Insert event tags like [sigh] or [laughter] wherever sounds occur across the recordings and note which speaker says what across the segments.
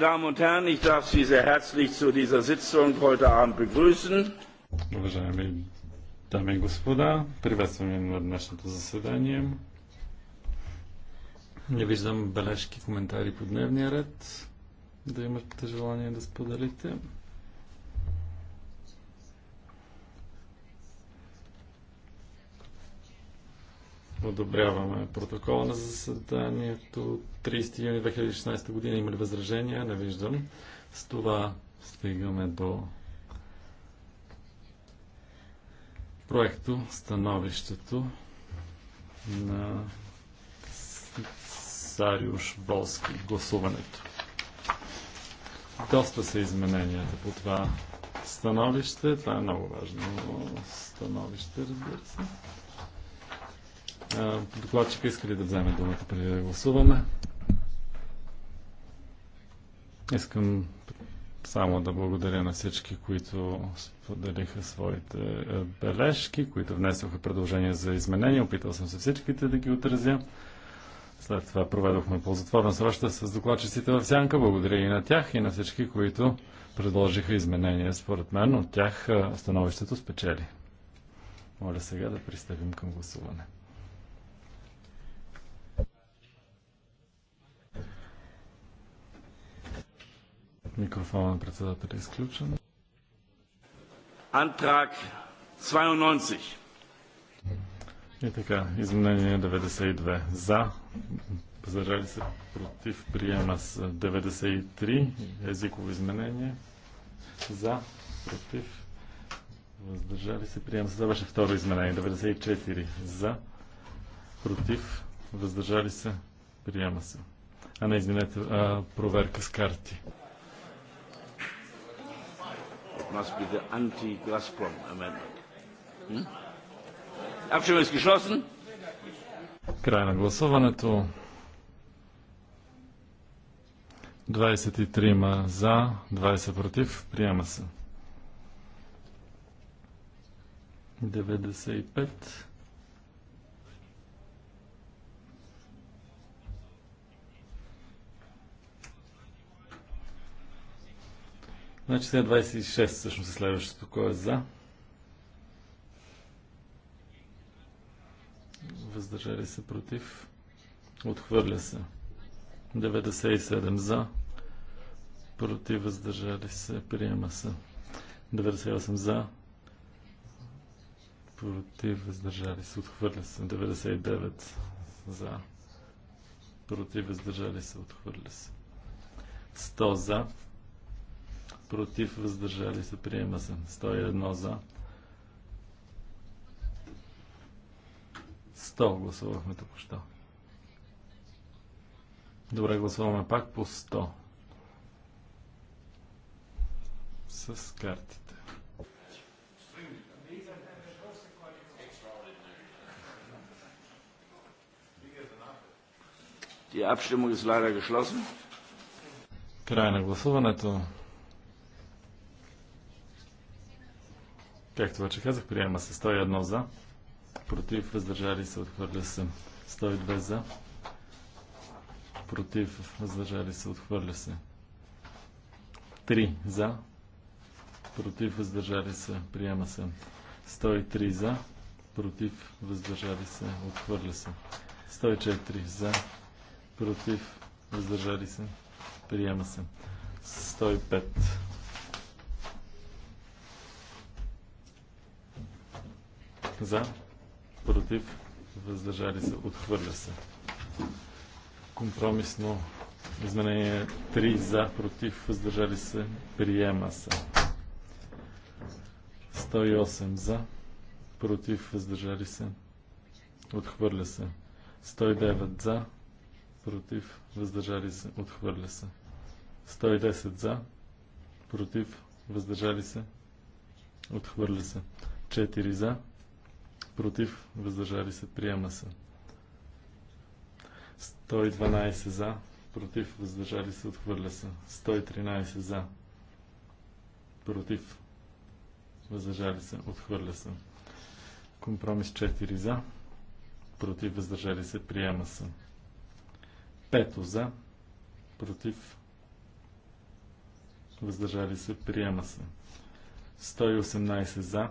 Speaker 1: Damen und Herren, ich darf Sie sehr herzlich zu dieser Sitzung heute Abend begrüßen.
Speaker 2: Уважаеми дами и господа, приветствам ви на днешното заседание. Не виждам бележки, коментари по дневния ред. Да имате желание да споделите. одобряваме протокола на заседанието 30 юни 2016 година. Има ли възражения? Не виждам. С това стигаме до проекто, становището на Сариуш Болски, гласуването. Доста са измененията по това становище. Това е много важно становище, разбира се докладчика иска ли да вземе думата преди да гласуваме? Искам само да благодаря на всички, които споделиха своите бележки, които внесоха предложения за изменения. Опитал съм се всичките да ги отразя. След това проведохме ползотворна среща с докладчиците в Сянка. Благодаря и на тях, и на всички, които предложиха изменения. Според мен от тях становището спечели. Моля сега да пристъпим към гласуване. Микрофон председателя изключен.
Speaker 1: Антрак 92.
Speaker 2: И така, изменение 92. За, Въздържали се против приема с 93. Езиково изменение. За, против. Въздържали се приема с. Това беше второ изменение. 94. За, против. Въздържали се приема се. А не, извинете, а, проверка с карти
Speaker 1: must be the anti-Gazprom amendment. Hmm? Abstimmung ist geschlossen.
Speaker 2: Край на tu. 23 za, 20 protiv, prijema se. 95. Значи сега 26, всъщност е следващото. Кой е за. Въздържали се против. Отхвърля се. 97 за. Против въздържали се. Приема се. 98 за. Против въздържали се. Отхвърля се. 99 за. Против въздържали се. Отхвърля се. 100 за против, въздържали се, приема се. 101 за. 100 гласувахме току-що. Добре, гласуваме пак по 100. С картите.
Speaker 1: Die Abstimmung ist leider geschlossen.
Speaker 2: Край на гласуването. Както вече казах, приема се 101 за, против, въздържали се, отхвърля се 102 за, против, въздържали се, отхвърля се 3 за, против, въздържали се, приема се 103 за, против, въздържали се, отхвърля се 104 за, против, въздържали се, приема се 105 За. Против. Въздържали се. Отхвърля се. Компромисно изменение 3. За. Против. Въздържали се. Приема се. 108 за. Против. Въздържали се. Отхвърля се. 109 за. Против. Въздържали се. Отхвърля се. 110 за. Против. Въздържали се. Отхвърля се. 4 за против, въздържали се, приема се. 112 за, против, въздържали се, отхвърля се. 113 за, против, въздържали се, отхвърля се. Компромис 4 за, против, въздържали се, приема се. 5 за, против, въздържали се, приема се. 118 за,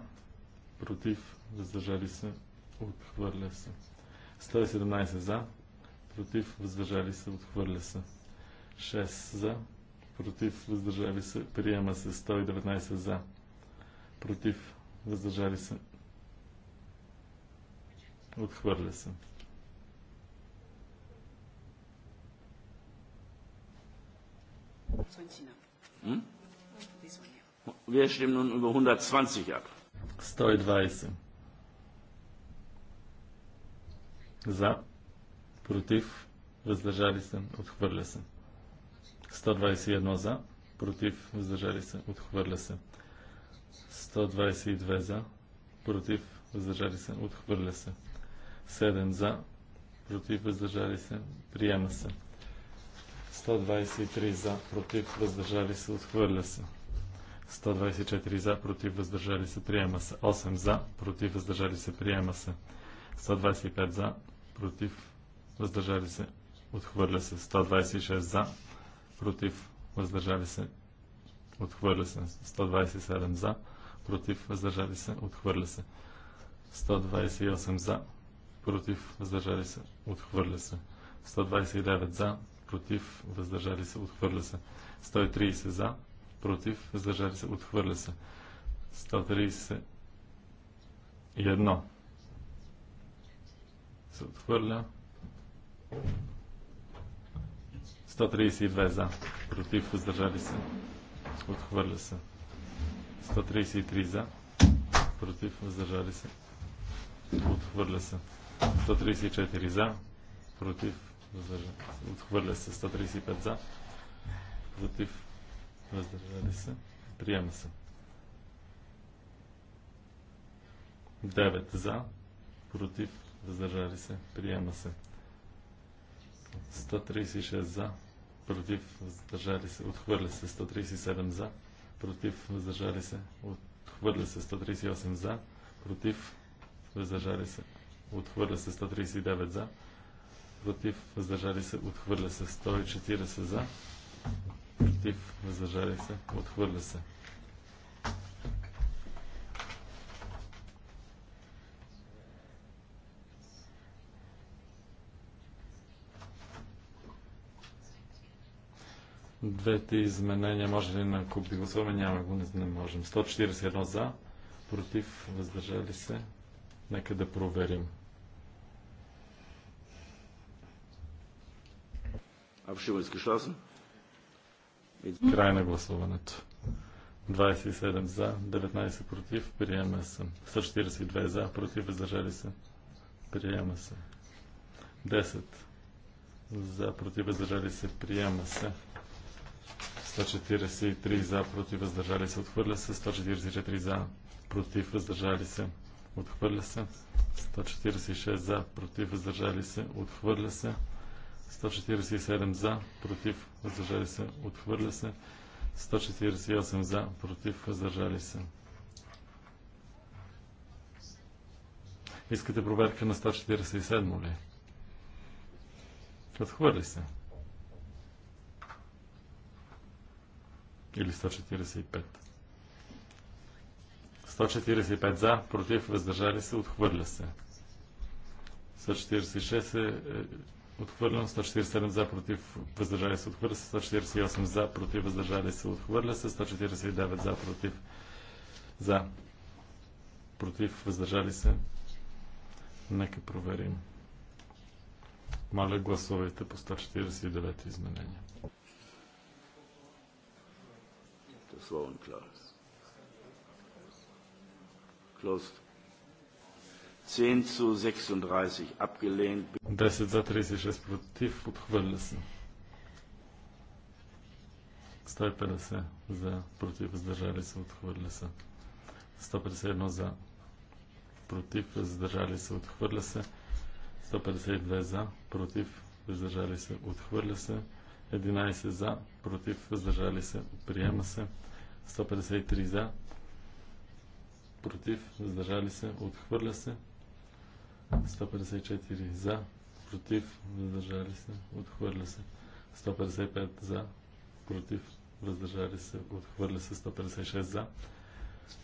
Speaker 2: против, въздържали се, отхвърля се. 117 за, против, въздържали се, отхвърля се. 6 за, против, въздържали се, приема се. 119 за, против, въздържали се, отхвърля се.
Speaker 1: Hm? Wir stimmen nun über 120 ab. 120.
Speaker 2: За. Против. Въздържали се. Отхвърля се. 121 за. Против. Въздържали се. Отхвърля се. 122 за. Против. Въздържали се. Отхвърля се. 7 за. Против. Въздържали се. Приема се. 123 за. Против. Въздържали се. Отхвърля се. 124 за, против въздържали се, приема се. 8 за, против въздържали се, приема се. 125 за, против, въздържали се, отхвърля се. 126 за, против, въздържали се, отхвърля се. 127 за, против, въздържали се, отхвърля се. 128 за, против, въздържали се, отхвърля се. 129 за, против, въздържали се, отхвърля се. 130 за, против, въздържали се, отхвърля се. 131 se отхвърля. 132 за, против, въздържали се, отхвърля се. 133 за, против, въздържали се, отхвърля се. 134 за, против, въздържали се, отхвърля се. 135 за, против, въздържали се, приема се. 9 за, против, въздържали се, приема се. 136 за, против, въздържали се, отхвърля се. 137 за, против, въздържали се, отхвърля се. 138 за, против, въздържали се, отхвърля се. 139 за, против, въздържали се, отхвърля се. 140 за, против, въздържали се, отхвърля се. Двете изменения може ли на куп да гласуваме? Няма го, не можем. 141 за, против, въздържали се. Нека да проверим. Абшима изкашласен. Край на гласуването. 27 за, 19 против, приема се. 142 за, против, въздържали се. Приема се. 10 за, против, въздържали се, приема се. 143 за, против, въздържали се, отхвърля се. 144 за, против, въздържали се, отхвърля се. 146 за, против, въздържали се, отхвърля се. 147 за, против, въздържали се, отхвърля се. 148 за, против, въздържали се. Искате проверка на 147 ли? Отхвърли се. или 145. 145 за, против, въздържали се, отхвърля се. 146 е отхвърлено, 147 за, против, въздържали се, отхвърля се, 148 за, против, въздържали се, отхвърля се, 149 за, против, за, против, въздържали се. Нека проверим. Моля, гласувайте по 149 изменения.
Speaker 1: Das war unklar. Closed. 10 zu 36 abgelehnt.
Speaker 2: Das ist das Risiko, Protiv gut verlassen. Stoi pe lese, ze protiv, zdržali se, odhvrli se. Sto presedno za protiv, zdržali se, odhvrli se. Sto presedno za protiv, zdržali se, odhvrli se. 11 за, против, въздържали се, приема се. 153 за, против, въздържали се, отхвърля се. 154 за, против, въздържали се, отхвърля се. 155 за, против, въздържали се, отхвърля се. 156 за,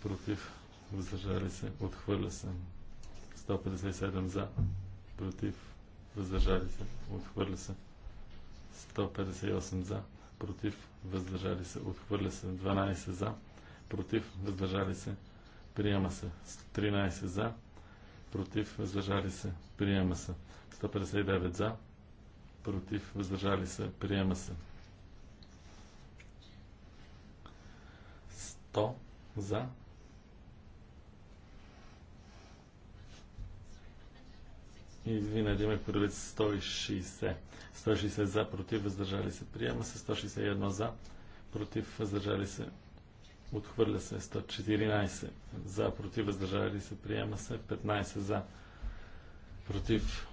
Speaker 2: против, въздържали се, отхвърля се. 157 за, против, въздържали се, отхвърля се. 158 за, против, въздържали се, отхвърля се 12 за, против, въздържали се, приема се 13 за, против, въздържали се, приема се 159 за, против, въздържали се, приема се 100 за, Извина, Диме, 106. 160 160 за, против, въздържали се, приема се. 161 за, против, въздържали се, отхвърля се. 114 за, против, въздържали се, приема се. 15 за, против,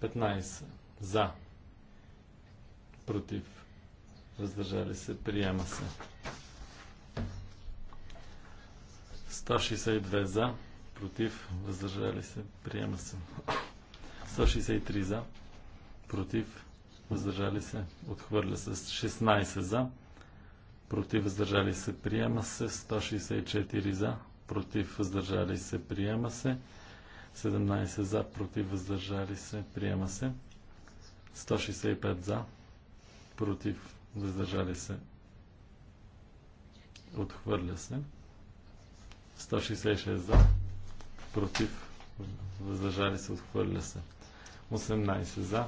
Speaker 2: 15 за, против, въздържали се, приема се. 162 за, против, въздържали се, приема се. 163 за, против, въздържали се, отхвърля се 16 за, против, въздържали се, приема се, 164 за, против, въздържали се, приема се, 17 за, против, въздържали се, приема се, 165 за, против, въздържали се, отхвърля се, 166 за, против, въздържали се, отхвърля се. 18 за,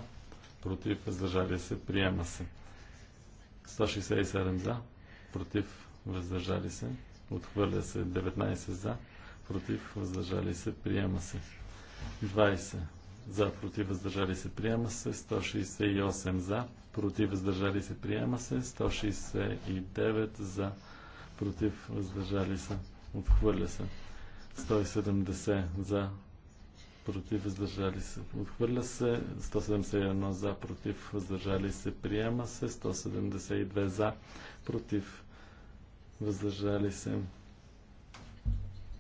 Speaker 2: против, въздържали се, приема се. 167 за, против, въздържали се, отхвърля се. 19 за, против, въздържали се, приема се. 20 за, против, въздържали се, приема се. 168 за, против, въздържали се, приема се. 169 за, против, въздържали се, отхвърля се. 170 за, против, въздържали се, отхвърля се, 171 за, против, въздържали се, приема се, 172 за, против, въздържали се,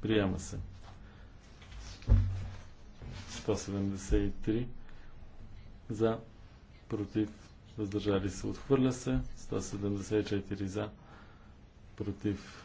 Speaker 2: приема се. 173 за, против, въздържали се, отхвърля се, 174 за, против,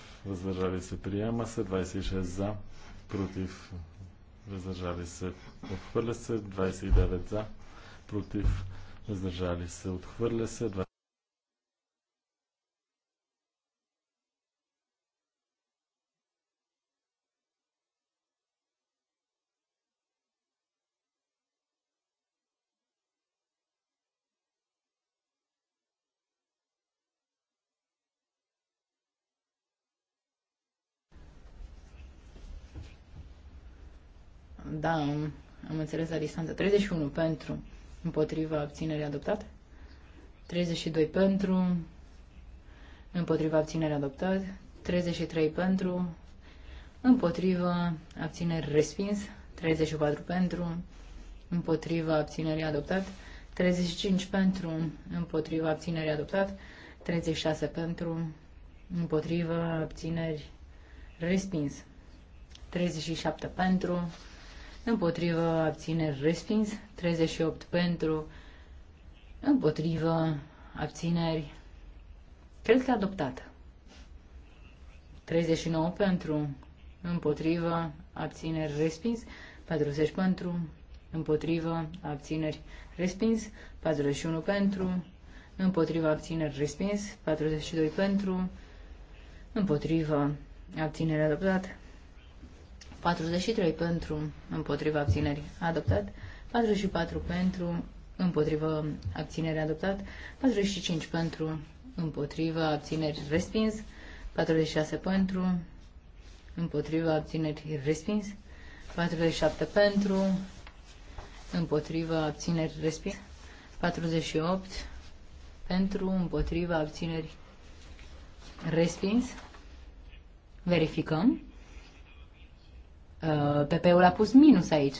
Speaker 2: въздържали се, приема се, 26 за, против, въздържали се, отхвърля се, 29 за, против, въздържали се, отхвърля се,
Speaker 3: Da, am, am înțeles la distanță. 31 pentru, împotriva abținerii adoptate. 32 pentru, împotriva abținerii adoptate. 33 pentru, împotriva abțineri respins. 34 pentru, împotriva abținerii adoptat. 35 pentru, împotriva abținerii adoptat. 36 pentru, împotriva abțineri respins. 37 pentru, împotrivă, abțineri, respins, 38 pentru, împotrivă, abțineri, cred că adoptată. 39 pentru, împotrivă, abțineri, respins, 40 pentru, împotrivă, abțineri, respins, 41 pentru, împotrivă, abțineri, respins, 42 pentru, împotrivă, abținere adoptat, 43 pentru, împotriva abținerii adoptat, 44 pentru, împotriva abținerii adoptat, 45 pentru, împotriva abținerii respins, 46 pentru, împotriva abținerii respins, 47 pentru, împotriva abținerii respins, 48 pentru, împotriva abținerii respins. Verificăm. Uh, PP-ul a pus minus aici.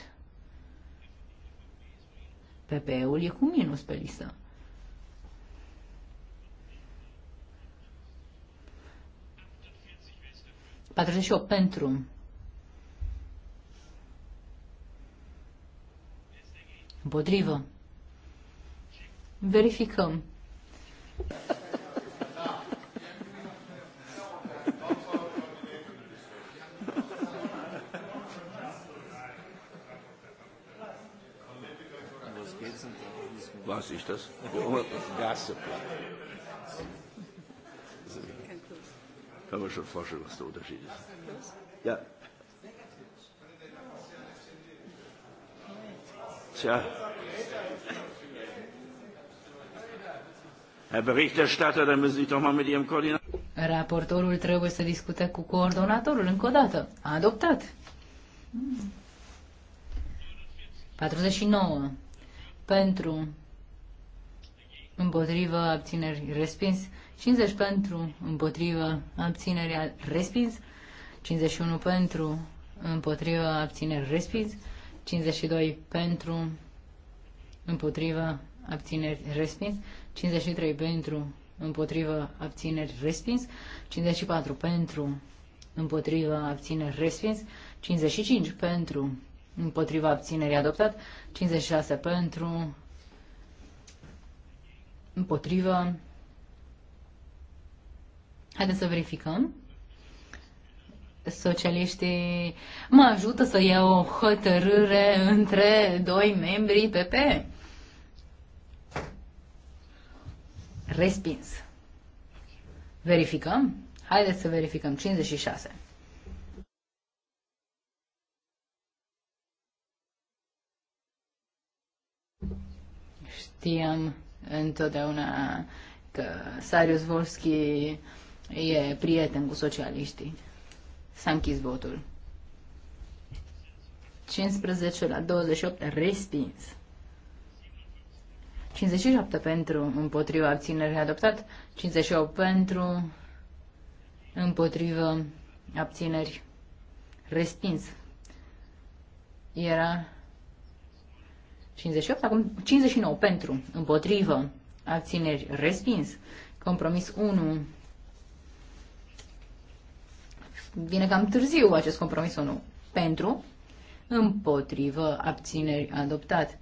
Speaker 3: PP-ul e cu minus pe listă. Patruzeci pentru. Împotrivă. Verificăm.
Speaker 1: weiß ich das? Kann man schon vorstellen, was der Unterschied ist. Ja. Tja. Herr Berichterstatter, dann müssen Sie doch mal mit Ihrem Koordinator.
Speaker 3: Raportorul trebuie să discute cu coordonatorul încă o dată. A adoptat. 49. Hmm. Pentru împotrivă, abțineri, respins. 50 pentru, împotrivă, abțineri, respins. 51 pentru, împotrivă, abțineri, respins. 52 pentru, împotrivă, abțineri, respins. 53 pentru, împotrivă, abțineri, respins. 54 pentru, împotrivă, abțineri, respins. 55 pentru, împotriva abținerii adoptat, 56 pentru, Împotrivă. Haideți să verificăm. Socialiștii mă ajută să iau o hotărâre între doi membri PP. Respins. Verificăm? Haideți să verificăm. 56. Știam întotdeauna că Sarius Volski e prieten cu socialiștii. S-a închis votul. 15 la 28 respins. 57 pentru, împotriva abținere adoptat, 58 pentru, împotriva abțineri respins. Era 58, acum 59 pentru, împotrivă, abțineri, respins. Compromis 1. Vine cam târziu acest compromis 1. Pentru, împotrivă, abțineri, adoptat.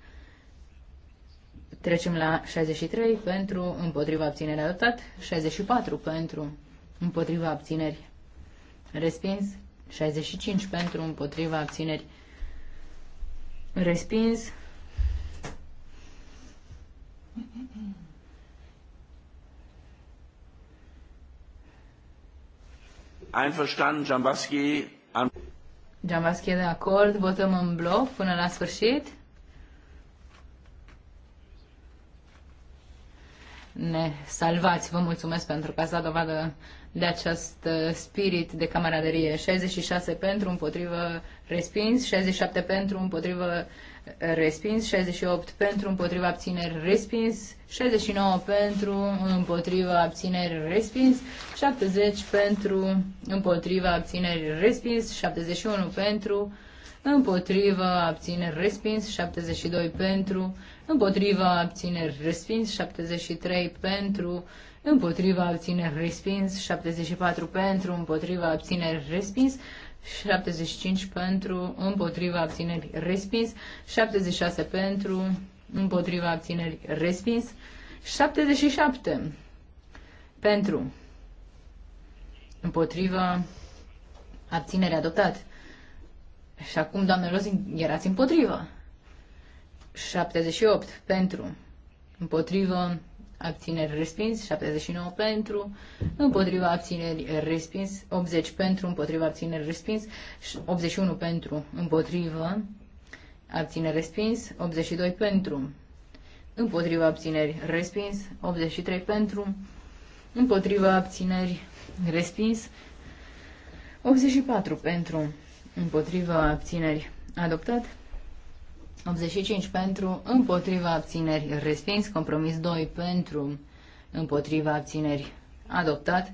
Speaker 3: Trecem la 63 pentru, împotriva abțineri adoptat, 64 pentru, împotriva abțineri respins, 65 pentru, împotriva abțineri respins,
Speaker 1: Einverstanden, Jambaski. Am...
Speaker 3: Jambaski de acord, votăm în bloc până la sfârșit. Ne salvați, vă mulțumesc pentru că ați dat dovadă de acest uh, spirit de camaraderie. 66 pentru, împotrivă, respins, 67 pentru, împotrivă, respins, 68 pentru, împotriva abțineri, respins, 69 pentru, împotriva abțineri, respins, 70 pentru, împotriva abțineri, respins, 71 pentru, împotriva abțineri, respins, 72 pentru, împotriva abțineri, respins, 73 pentru, împotriva abțineri, respins, 74 pentru, împotriva abțineri, respins, 75 pentru, împotriva abțineri respins, 76 pentru, împotriva abțineri respins, 77 pentru, împotriva abținere adoptat. Și acum, doamne Lozing, erați împotriva. 78 pentru, împotriva abțineri respins, 79 pentru, împotriva abțineri respins, 80 pentru, împotriva abțineri respins, 81 pentru, împotriva abțineri respins, 82 pentru, împotriva abțineri respins, 83 pentru, împotriva abțineri respins, 84 pentru, împotriva abțineri adoptat, 85 pentru, împotriva abțineri, respins. Compromis 2 pentru, împotriva abțineri, adoptat.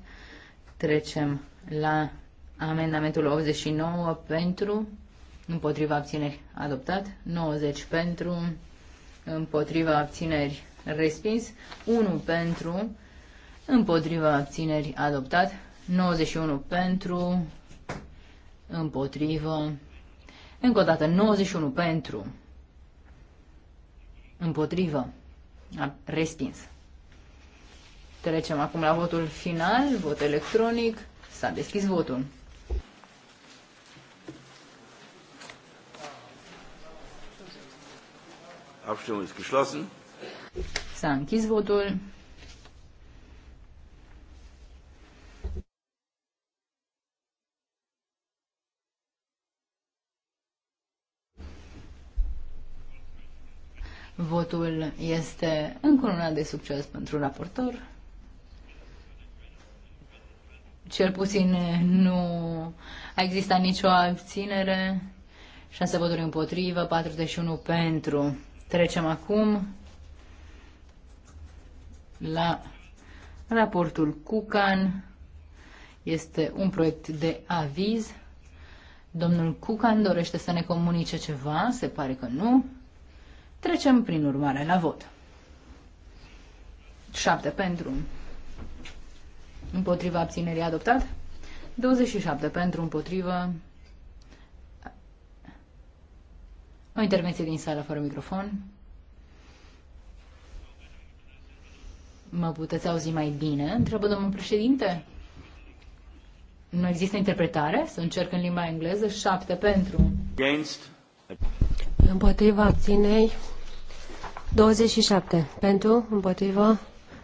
Speaker 3: Trecem la amendamentul 89 pentru, împotriva abțineri, adoptat. 90 pentru, împotriva abțineri, respins. 1 pentru, împotriva abțineri, adoptat. 91 pentru, împotriva, Încă o dată, 91 pentru, Împotrivă. A respins. Trecem acum la votul final, vot electronic. S-a deschis votul.
Speaker 1: Abstimmung ist geschlossen.
Speaker 3: S-a închis votul. Votul este încoronat de succes pentru raportor. Cel puțin nu a existat nicio abținere. 6 voturi împotrivă, 41 pentru. Trecem acum la raportul Cucan. Este un proiect de aviz. Domnul Cucan dorește să ne comunice ceva? Se pare că nu. Trecem prin urmare la vot. 7 pentru. Împotriva abținerii adoptat. 27 pentru împotrivă. O intervenție din sală fără microfon. Mă puteți auzi mai bine? Întreabă domnul președinte. Nu există interpretare? Să încerc în limba engleză. 7 pentru. Against. Împotriva abținei
Speaker 4: 27. Pentru, împotrivă,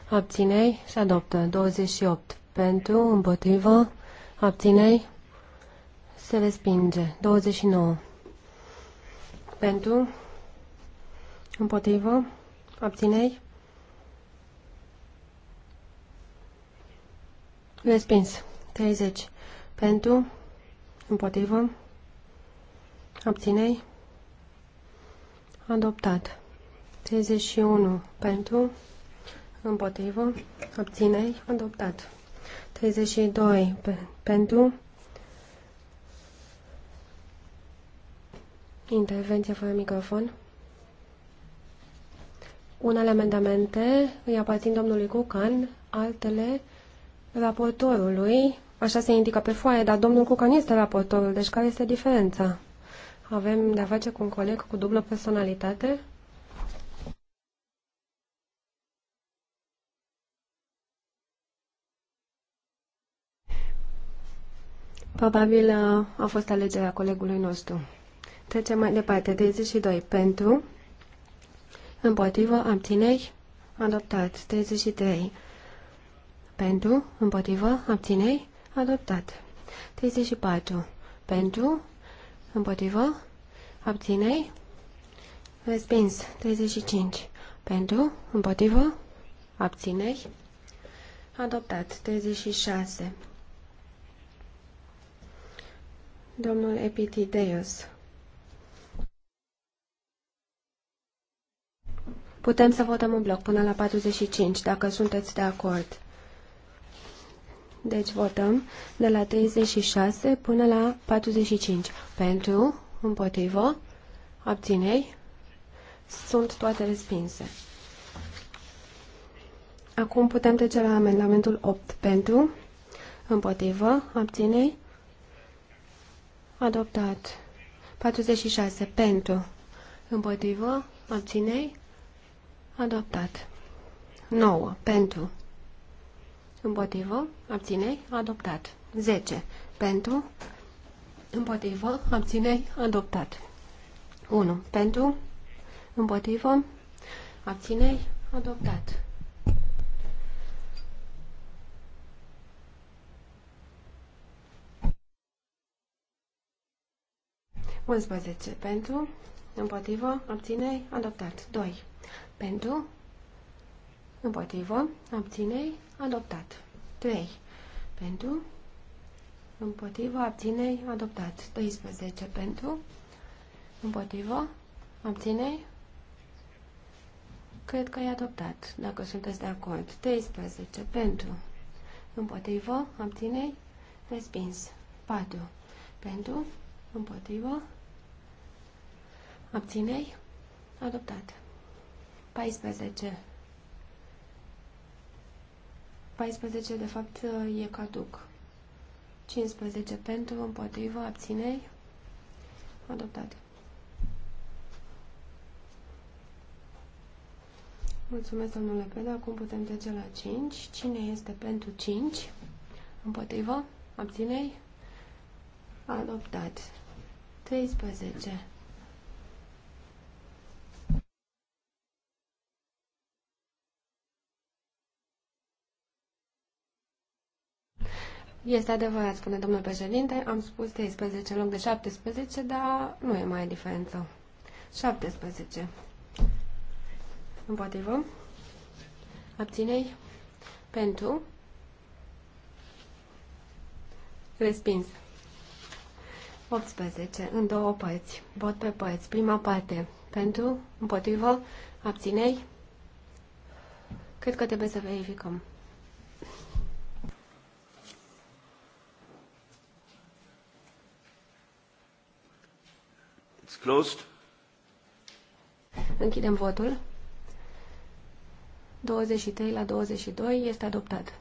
Speaker 4: abținei, se adoptă. 28. Pentru, împotrivă, abținei, se respinge. 29. Pentru, împotrivă, abținei, respins. 30. Pentru, împotrivă, abținei, adoptat. 31 pentru, împotrivă, obținei, adoptat. 32 pe, pentru, intervenție fără microfon. Unele amendamente îi aparțin domnului Cucan, altele raportorului. Așa se indică pe foaie, dar domnul Cucan este raportorul, deci care este diferența? Avem de-a face cu un coleg cu dublă personalitate? Probabil uh, a fost alegerea colegului nostru. Trecem mai departe. 32. Pentru. Împotrivă. Abțineri. Adoptat. 33. Pentru. Împotrivă. Abțineri. Adoptat. 34. Pentru. Împotrivă. Abțineri. Respins. 35. Pentru. Împotrivă. Abțineri. Adoptat. 36. domnul Epitideus. Putem să votăm un bloc până la 45, dacă sunteți de acord. Deci votăm de la 36 până la 45. Pentru, împotrivă, abținei, sunt toate respinse. Acum putem trece la amendamentul 8. Pentru, împotrivă, abținei, Adoptat. 46. Pentru. Împotrivă. Abținei. Adoptat. 9. Pentru. Împotrivă. Abținei. Adoptat. 10. Pentru. Împotrivă. Abținei. Adoptat. 1. Pentru. Împotrivă. Abținei. Adoptat. 11 pentru, împotrivă, obținei, adoptat. 2 pentru, împotrivă, obținei, adoptat. 3 pentru, împotrivă, obținei, adoptat. 12 pentru, împotrivă, obținei, cred că e adoptat, dacă sunteți de acord. 13 pentru, împotrivă, obținei, respins. 4 pentru, Împotrivă. Abținei. Adoptat. 14. 14 de fapt e caduc. 15 pentru, împotrivă, abținei. Adoptat. Mulțumesc, domnule Preda. Acum putem trece la 5. Cine este pentru 5? Împotrivă? Abținei? Adoptat. 13. Este adevărat, spune domnul președinte, am spus 13 în loc de 17, dar nu e mai diferență. 17. Împotrivă. Abținei. Pentru. Respins. 18. În două părți. Vot pe părți. Prima parte. Pentru, împotrivă, abținei. Cred că trebuie să verificăm. It's closed. Închidem votul. 23 la 22 este adoptat.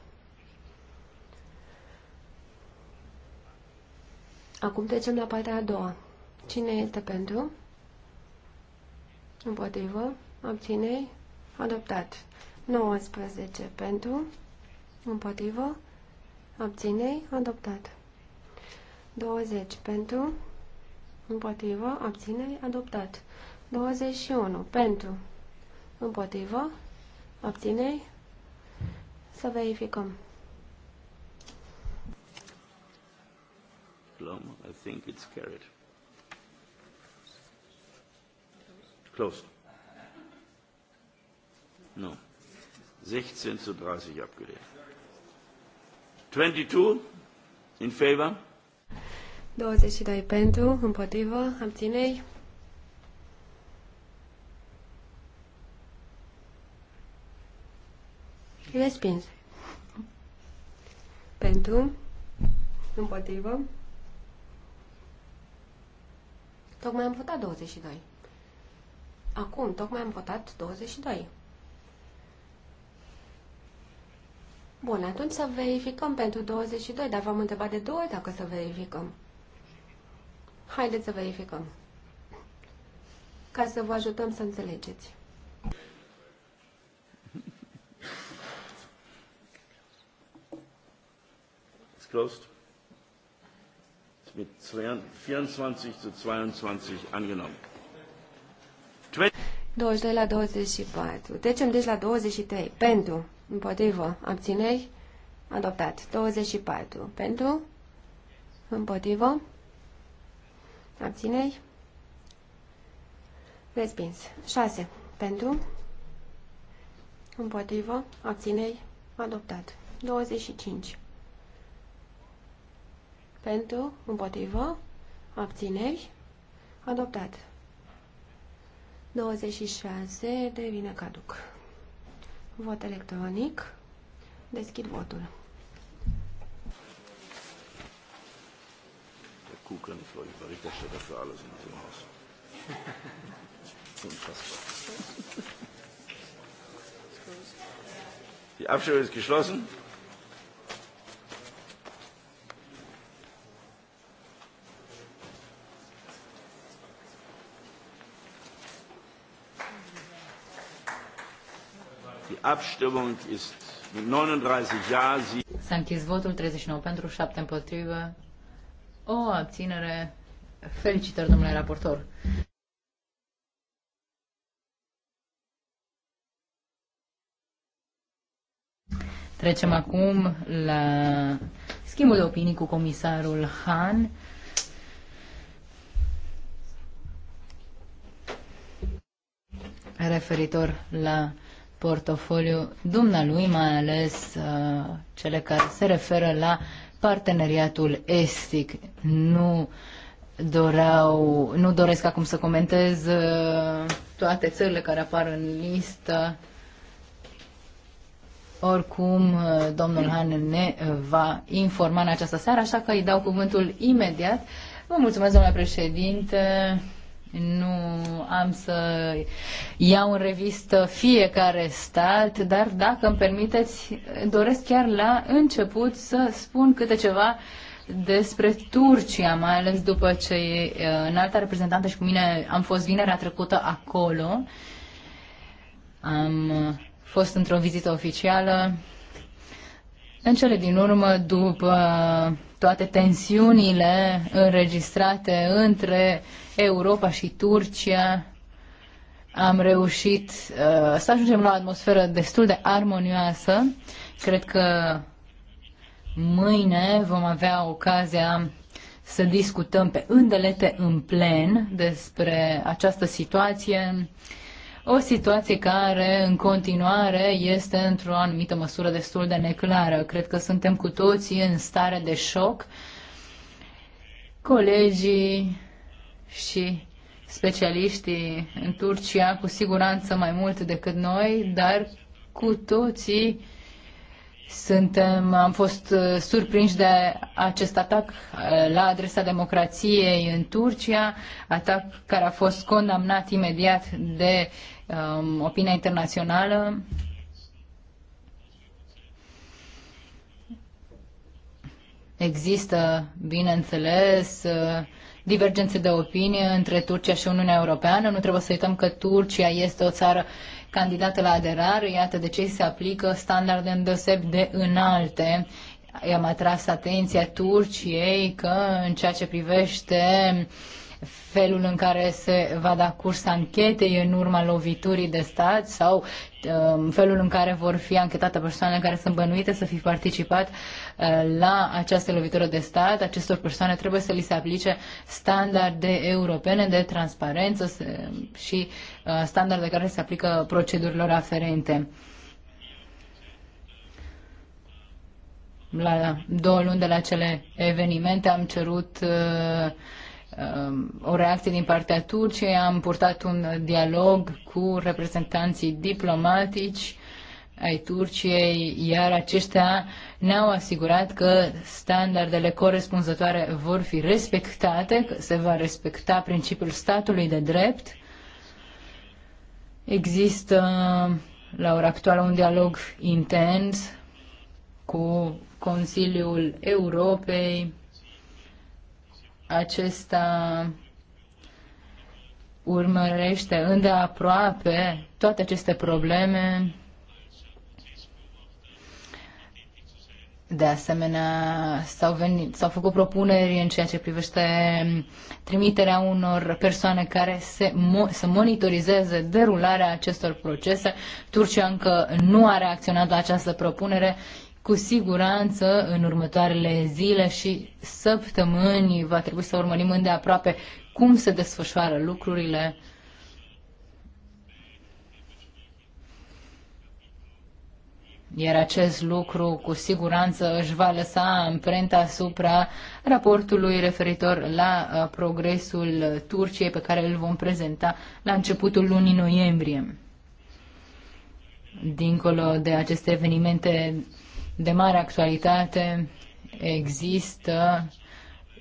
Speaker 4: Acum trecem la partea a doua. Cine este pentru? Împotrivă. Abțineri. Adoptat. 19 pentru. Împotrivă. Abținei. Adoptat. 20 pentru. Împotrivă. Abținei. Adoptat. 21 pentru. Împotrivă. Abținei. Să verificăm.
Speaker 1: Blum. I think it's carried. Closed. No. 16 zu 30 abgelehnt. 22 in favor.
Speaker 4: 22 pentru, împotrivă, abținei. Respins. Pentru, împotrivă, Tocmai am votat 22. Acum, tocmai am votat 22. Bun, atunci să verificăm pentru 22, dar v-am întrebat de două dacă să verificăm. Haideți să verificăm. Ca să vă ajutăm să înțelegeți.
Speaker 1: It's closed mit 24 zu 22 angenommen.
Speaker 4: 22 la 24. Trecem deci la 23. Pentru, împotrivă, abțineri, adoptat. 24. Pentru, împotrivă, abțineri, respins. 6. Pentru, împotrivă, abțineri, adoptat. 25 pentru, împotrivă, abțineri, adoptat. 26 devine caduc. Vot electronic. Deschid votul.
Speaker 1: Berichterstatter, für alles in diesem Haus. Unfassbar. Die Abstimmung ist geschlossen. Abstimmung ist mit 39 Ja, sie...
Speaker 3: S-a închis votul 39 pentru, 7 împotrivă. O abținere. Felicitări, domnule raportor. Trecem acum la schimbul de opinii cu comisarul Han. referitor la portofoliu dumnealui, mai ales uh, cele care se referă la parteneriatul estic. Nu doreau, nu doresc acum să comentez uh, toate țările care apar în listă. Oricum, uh, domnul Han ne va informa în această seară, așa că îi dau cuvântul imediat. Vă mulțumesc, domnule președinte. Nu am să iau în revistă fiecare stat, dar dacă îmi permiteți, doresc chiar la început să spun câte ceva despre Turcia, mai ales după ce în alta reprezentantă și cu mine am fost vinerea trecută acolo. Am uh, fost într-o vizită oficială. În cele din urmă, după toate tensiunile înregistrate între uh, Europa și Turcia am reușit uh, să ajungem la o atmosferă destul de armonioasă. Cred că mâine vom avea ocazia să discutăm pe îndelete în plen despre această situație, o situație care în continuare este într-o anumită măsură destul de neclară. Cred că suntem cu toții în stare de șoc. Colegii și specialiștii în Turcia, cu siguranță mai mult decât noi, dar cu toții suntem, am fost uh, surprinși de acest atac uh, la adresa democrației în Turcia, atac care a fost condamnat imediat de um, opinia internațională. Există, bineînțeles, uh, divergențe de opinie între Turcia și Uniunea Europeană. Nu trebuie să uităm că Turcia este o țară candidată la aderare, iată de ce se aplică standarde îndeoseb de înalte. I-am atras atenția Turciei că în ceea ce privește felul în care se va da curs anchetei în urma loviturii de stat sau Um, felul în care vor fi anchetate persoanele care sunt bănuite să fi participat uh, la această lovitură de stat. Acestor persoane trebuie să li se aplice standarde europene de transparență și uh, standarde care se aplică procedurilor aferente. La două luni de la cele evenimente am cerut uh, Um, o reacție din partea Turciei, am purtat un dialog cu reprezentanții diplomatici ai Turciei, iar aceștia ne-au asigurat că standardele corespunzătoare vor fi respectate, că se va respecta principiul statului de drept. Există la ora actuală un dialog intens cu Consiliul Europei, acesta urmărește îndeaproape toate aceste probleme. De asemenea, s-au, venit, s-au făcut propuneri în ceea ce privește trimiterea unor persoane care se mo- să monitorizeze derularea acestor procese. Turcia încă nu a reacționat la această propunere cu siguranță în următoarele zile și săptămâni va trebui să urmărim îndeaproape cum se desfășoară lucrurile. Iar acest lucru cu siguranță își va lăsa amprenta asupra raportului referitor la uh, progresul Turciei pe care îl vom prezenta la începutul lunii noiembrie. Dincolo de aceste evenimente de mare actualitate. Există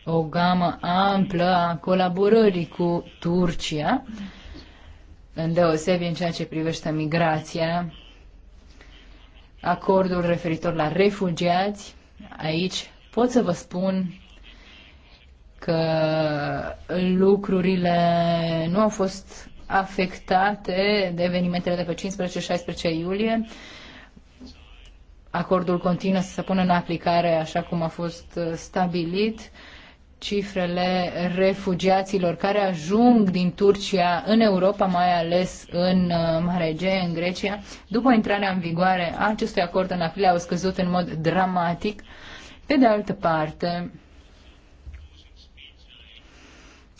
Speaker 3: o gamă amplă a colaborării cu Turcia, deosebi în ceea ce privește migrația, acordul referitor la refugiați. Aici pot să vă spun că lucrurile nu au fost afectate de evenimentele de pe 15-16 iulie acordul continuă să se pună în aplicare așa cum a fost uh, stabilit. Cifrele refugiaților care ajung din Turcia în Europa, mai ales în uh, Marea Egee, în Grecia, după intrarea în vigoare a acestui acord în aprilie au scăzut în mod dramatic. Pe de altă parte,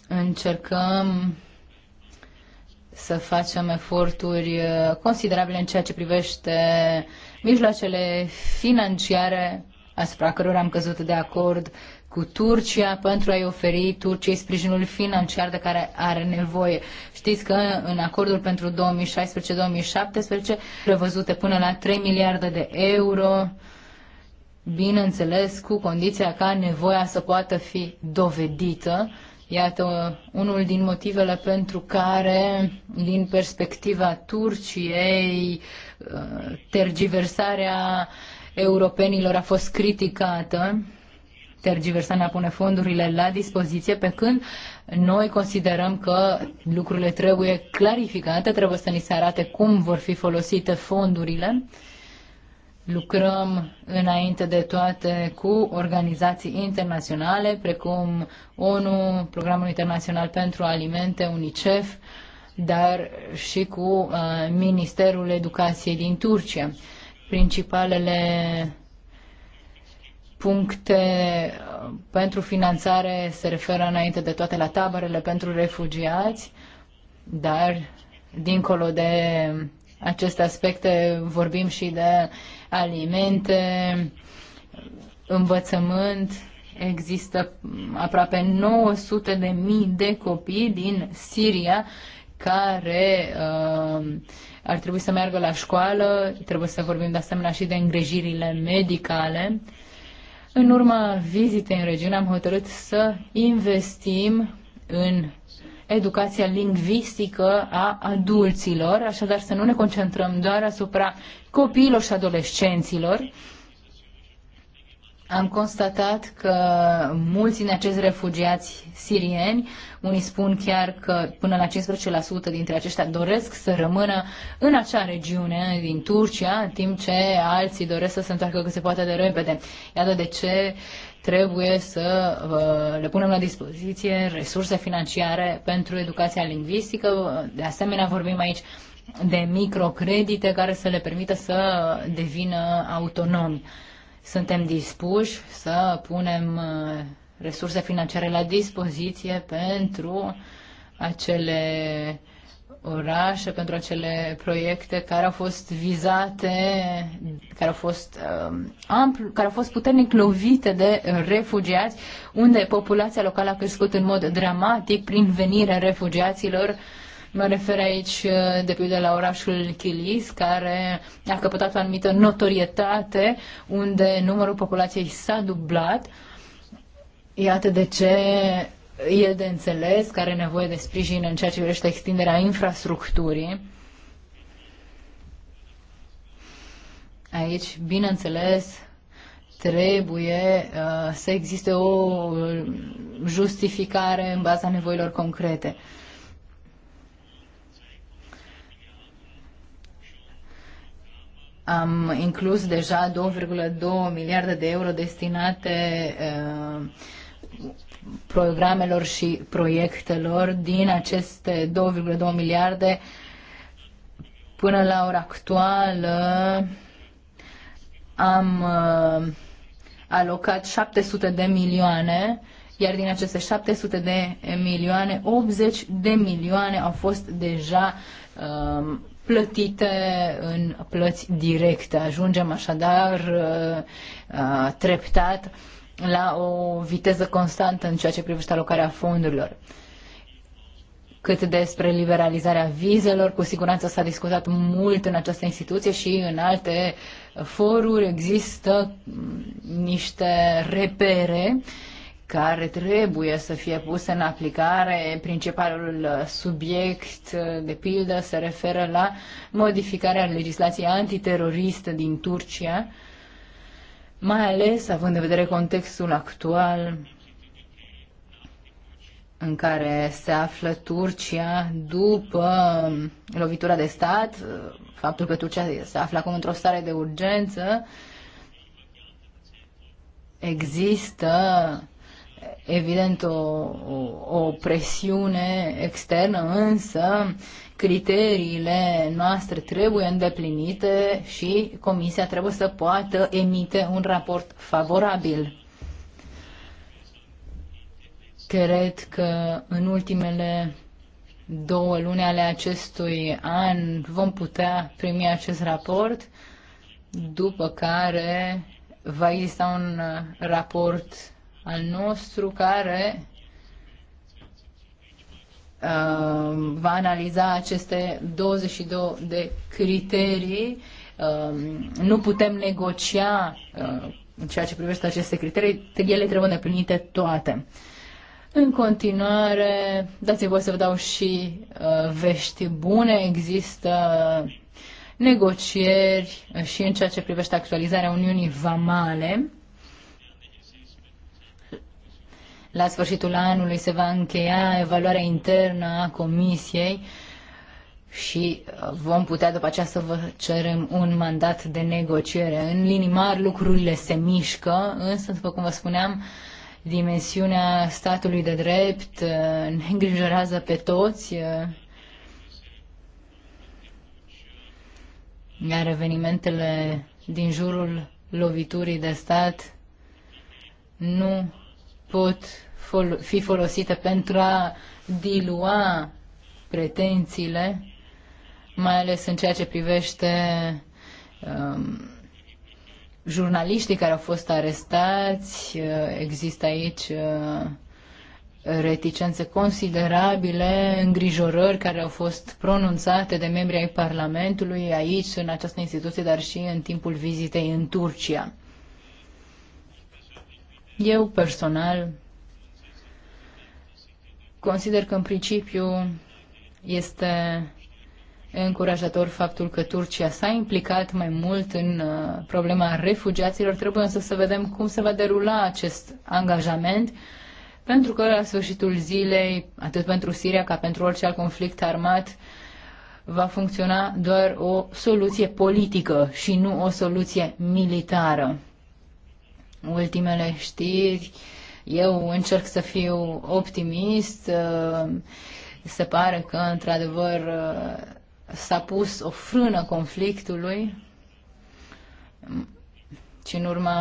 Speaker 3: încercăm să facem eforturi uh, considerabile în ceea ce privește uh, mijloacele financiare asupra cărora am căzut de acord cu Turcia pentru a-i oferi Turciei sprijinul financiar de care are nevoie. Știți că în acordul pentru 2016-2017 prevăzute până la 3 miliarde de euro, bineînțeles cu condiția ca nevoia să poată fi dovedită. Iată unul din motivele pentru care, din perspectiva Turciei, uh, tergiversarea europenilor a fost criticată, tergiversarea pune fondurile la dispoziție, pe când noi considerăm că lucrurile trebuie clarificate, trebuie să ni se arate cum vor fi folosite fondurile. Lucrăm înainte de toate cu organizații internaționale, precum ONU, Programul Internațional pentru Alimente, UNICEF, dar și cu uh, Ministerul Educației din Turcia. Principalele puncte uh, pentru finanțare se referă înainte de toate la taberele pentru refugiați, dar dincolo de aceste aspecte vorbim și de alimente, învățământ. Există aproape 900 de mii de copii din Siria care uh, ar trebui să meargă la școală, trebuie să vorbim de asemenea și de îngrijirile medicale. În urma vizitei în regiune am hotărât să investim în educația lingvistică a adulților, așadar să nu ne concentrăm doar asupra copiilor și adolescenților, am constatat că mulți din acești refugiați sirieni, unii spun chiar că până la 15% dintre aceștia doresc să rămână în acea regiune din Turcia, în timp ce alții doresc să se întoarcă cât se poate de repede. Iată de ce trebuie să le punem la dispoziție resurse financiare pentru educația lingvistică. De asemenea, vorbim aici de microcredite care să le permită să devină autonomi. Suntem dispuși să punem uh, resurse financiare la dispoziție pentru acele orașe, pentru acele proiecte care au fost vizate, care au fost, um, ampl, care au fost puternic lovite de refugiați, unde populația locală a crescut în mod dramatic prin venirea refugiaților Mă refer aici uh, de pildă la orașul Chilis, care a căpătat o anumită notorietate, unde numărul populației s-a dublat. Iată de ce e de înțeles care are nevoie de sprijin în ceea ce privește extinderea infrastructurii. Aici, bineînțeles, trebuie uh, să existe o justificare în baza nevoilor concrete. Uh, am inclus deja 2,2 miliarde de euro destinate uh, programelor și proiectelor din aceste 2,2 miliarde până la ora actuală am uh, alocat 700 de milioane iar din aceste 700 de milioane 80 de milioane au fost deja uh, plătite în plăți directe. Ajungem așadar uh, treptat la o viteză constantă în ceea ce privește alocarea fondurilor. Cât despre liberalizarea vizelor, cu siguranță s-a discutat mult în această instituție și în alte foruri există mm, niște repere uh, care trebuie să fie puse în aplicare. Principalul uh, subiect, uh, de pildă, se referă la modificarea legislației antiteroriste din Turcia, mai ales având în vedere contextul actual în care se află Turcia după um, lovitura de stat, uh, faptul că Turcia se află acum într-o stare de urgență, există evident o, o, presiune externă, însă criteriile noastre trebuie îndeplinite și comisia trebuie să poată emite un raport favorabil. Cred că în ultimele două luni ale acestui an vom putea primi acest raport, după care va exista un raport al nostru care uh, va analiza aceste 22 de criterii. Uh, nu putem negocia uh, în ceea ce privește aceste criterii, ele trebuie îndeplinite toate. În continuare, dați-mi voi să vă dau și uh, vești bune. Există negocieri și în ceea ce privește actualizarea Uniunii Vamale. La sfârșitul anului se va încheia evaluarea internă a comisiei și uh, vom putea după aceea să vă cerem un mandat de negociere. În linii mari lucrurile se mișcă, însă, după cum vă spuneam, dimensiunea statului de drept uh, ne îngrijorează pe toți, uh, iar evenimentele din jurul loviturii de stat nu pot fi folosite pentru a dilua pretențiile, mai ales în ceea ce privește um, jurnaliștii care au fost arestați. Există aici uh, reticențe considerabile, îngrijorări care au fost pronunțate de membrii ai Parlamentului aici, în această instituție, dar și în timpul vizitei în Turcia. Eu personal consider că în principiu este încurajator faptul că Turcia s-a implicat mai mult în uh, problema refugiaților. Trebuie însă să vedem cum se va derula acest angajament, pentru că la sfârșitul zilei, atât pentru Siria ca pentru orice alt conflict armat, va funcționa doar o soluție politică și nu o soluție militară ultimele știri. Eu încerc să fiu optimist. Se pare că, într-adevăr, s-a pus o frână conflictului și în urma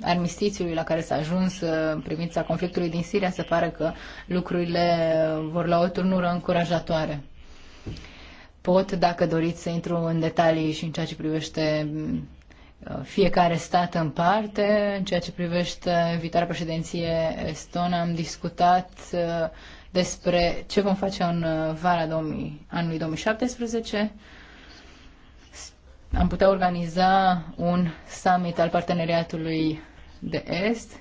Speaker 3: armistițiului la care s-a ajuns în privința conflictului din Siria, se pare că lucrurile vor lua o turnură încurajatoare. Pot, dacă doriți, să intru în detalii și în ceea ce privește fiecare stat în parte. În ceea ce privește viitoarea președinție estonă, am discutat uh, despre ce vom face în uh, vara 2000, anului 2017. Am putea organiza un summit al parteneriatului de Est,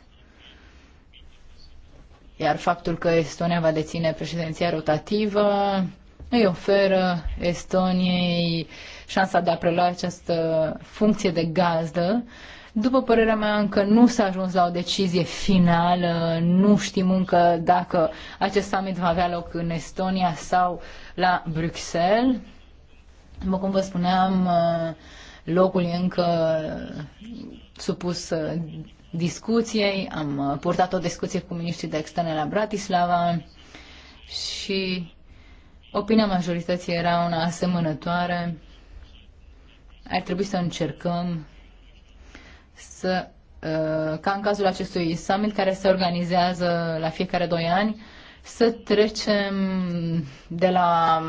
Speaker 3: iar faptul că Estonia va deține președinția rotativă îi oferă Estoniei uh, șansa de a prelua această funcție de gazdă. După părerea mea, încă nu s-a ajuns la o decizie finală, nu știm încă dacă acest summit va avea loc în Estonia sau la Bruxelles. După cum vă spuneam, locul e încă supus discuției, am purtat o discuție cu ministrii de externe la Bratislava și opinia majorității era una asemănătoare ar trebui să încercăm să, uh, ca în cazul acestui summit care se organizează la fiecare doi ani, să trecem de la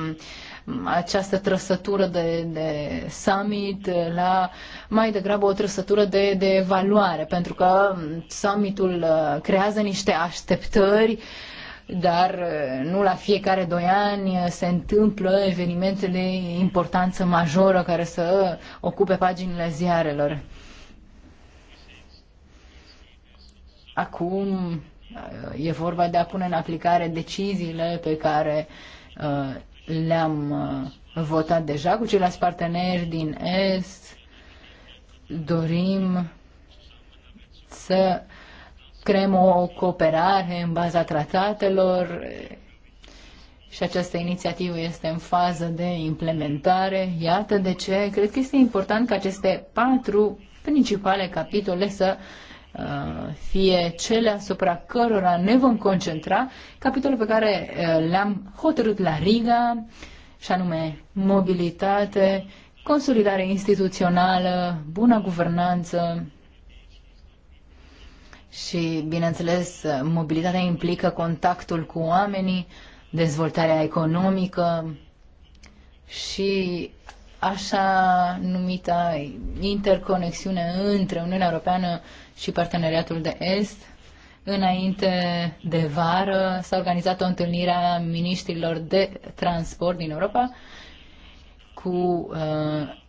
Speaker 3: um, această trăsătură de, de summit la mai degrabă o trăsătură de, de evaluare, pentru că um, summitul uh, creează niște așteptări uh, dar uh, nu la fiecare doi ani uh, se întâmplă evenimentele de importanță majoră care să ocupe paginile ziarelor. Acum uh, e vorba de a pune în aplicare deciziile pe care le-am votat deja cu ceilalți parteneri din Est. Dorim să creăm o cooperare în baza tratatelor și această inițiativă este în fază de implementare. Iată de ce cred că este important ca aceste patru principale capitole să uh, fie cele asupra cărora ne vom concentra, capitole pe care uh, le-am hotărât la Riga, și anume mobilitate, consolidare instituțională, bună guvernanță, și, bineînțeles, mobilitatea implică contactul cu oamenii, dezvoltarea economică și așa numita interconexiune între Uniunea Europeană și Parteneriatul de Est. Înainte de vară s-a organizat o întâlnire a ministrilor de transport din Europa cu uh,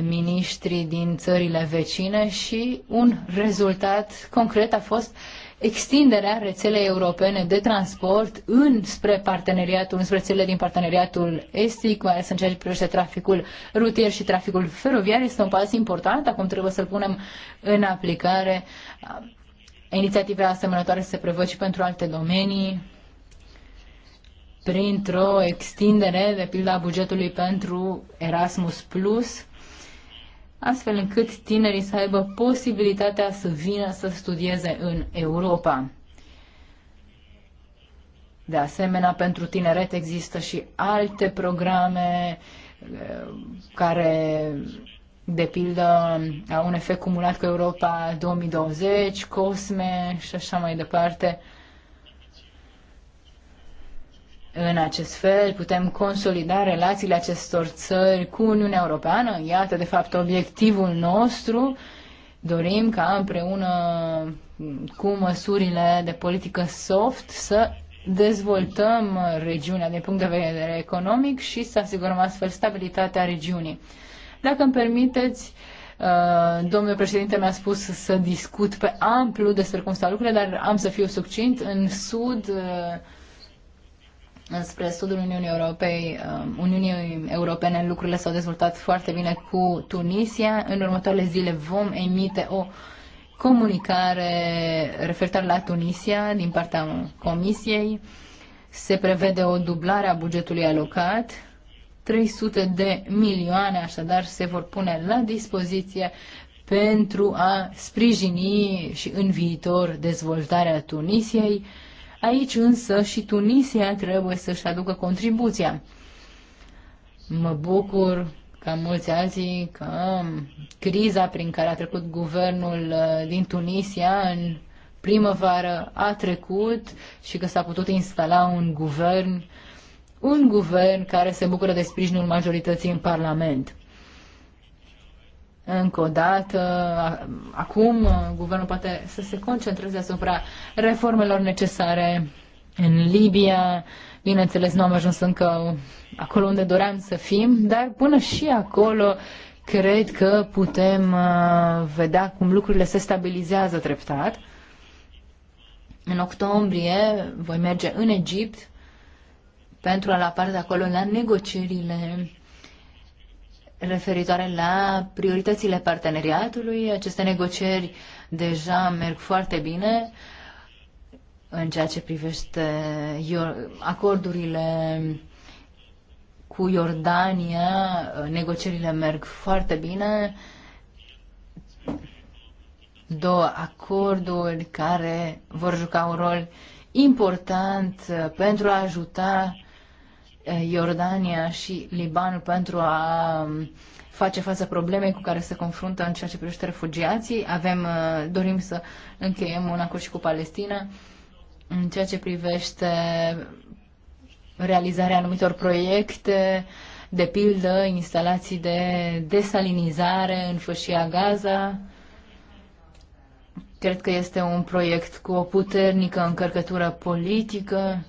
Speaker 3: miniștri din țările vecine și un rezultat concret a fost extinderea rețelei europene de transport înspre parteneriatul, înspre țările din parteneriatul estic, mai ales în ceea ce privește traficul rutier și traficul feroviar. Este un pas important, acum trebuie să-l punem în aplicare. Inițiative asemănătoare se prevăd și pentru alte domenii printr-o extindere, de pildă, a bugetului pentru Erasmus+, Plus, astfel încât tinerii să aibă posibilitatea să vină să studieze în Europa. De asemenea, pentru tineret există și alte programe eh, care, de pildă, au un efect cumulat cu Europa 2020, COSME și așa mai departe. În acest fel putem consolida relațiile acestor țări cu Uniunea Europeană. Iată, de fapt, obiectivul nostru. Dorim ca împreună cu măsurile de politică soft să dezvoltăm regiunea din punct de vedere economic și să asigurăm astfel stabilitatea regiunii. Dacă îmi permiteți, uh, domnul președinte mi-a spus să discut pe amplu despre cum stau lucrurile, dar am să fiu succint. În Sud, uh, spre sudul Uniunii, Europei, um, Uniunii Europene lucrurile s-au dezvoltat foarte bine cu Tunisia. În următoarele zile vom emite o comunicare referitoare la Tunisia din partea Comisiei. Se prevede o dublare a bugetului alocat. 300 de milioane așadar se vor pune la dispoziție pentru a sprijini și în viitor dezvoltarea Tunisiei. Aici însă și Tunisia trebuie să-și aducă contribuția. Mă bucur ca mulți alții că criza prin care a trecut guvernul uh, din Tunisia în primăvară a trecut și că s-a putut instala un guvern, un guvern care se bucură de sprijinul majorității în Parlament. Încă o dată, acum guvernul poate să se concentreze asupra reformelor necesare în Libia. Bineînțeles, nu am ajuns încă acolo unde doream să fim, dar până și acolo cred că putem vedea cum lucrurile se stabilizează treptat. În octombrie voi merge în Egipt pentru a la parte acolo la negocierile referitoare la prioritățile parteneriatului. Aceste negocieri deja merg foarte bine în ceea ce privește acordurile cu Iordania, negocierile merg foarte bine. Două acorduri care vor juca un rol important pentru a ajuta Iordania și Libanul pentru a um, face față problemei cu care se confruntă în ceea ce privește refugiații. Avem, uh, dorim să încheiem un acord și cu Palestina în ceea ce privește realizarea anumitor proiecte, de pildă instalații de desalinizare în fâșia Gaza. Cred că este un proiect cu o puternică încărcătură politică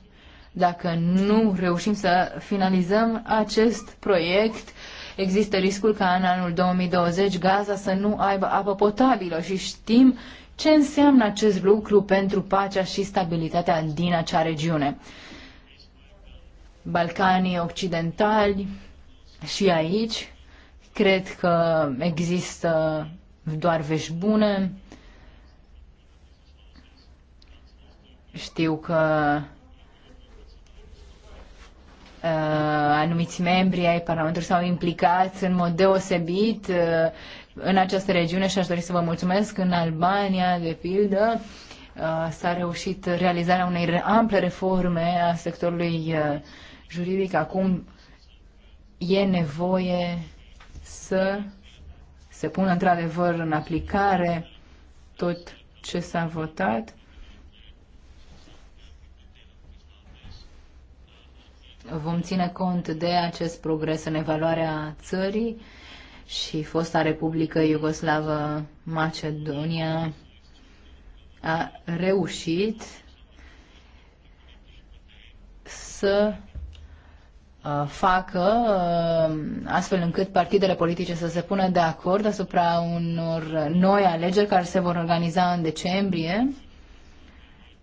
Speaker 3: dacă nu reușim să finalizăm acest proiect, există riscul ca în anul 2020 Gaza să nu aibă apă potabilă și știm ce înseamnă acest lucru pentru pacea și stabilitatea din acea regiune. Balcanii occidentali și aici cred că există doar vești bune. Știu că uh, anumiți membri ai Parlamentului s-au implicat în mod deosebit uh, în această regiune și aș dori să vă mulțumesc. În Albania, de pildă, uh, s-a reușit realizarea unei ample reforme a sectorului uh, juridic. Acum e nevoie să se pună într-adevăr în aplicare tot ce s-a votat vom ține cont de acest progres în evaluarea țării și fosta Republică Iugoslavă Macedonia a reușit să uh, facă uh, astfel încât partidele politice să se pună de acord asupra unor noi alegeri care se vor organiza în decembrie.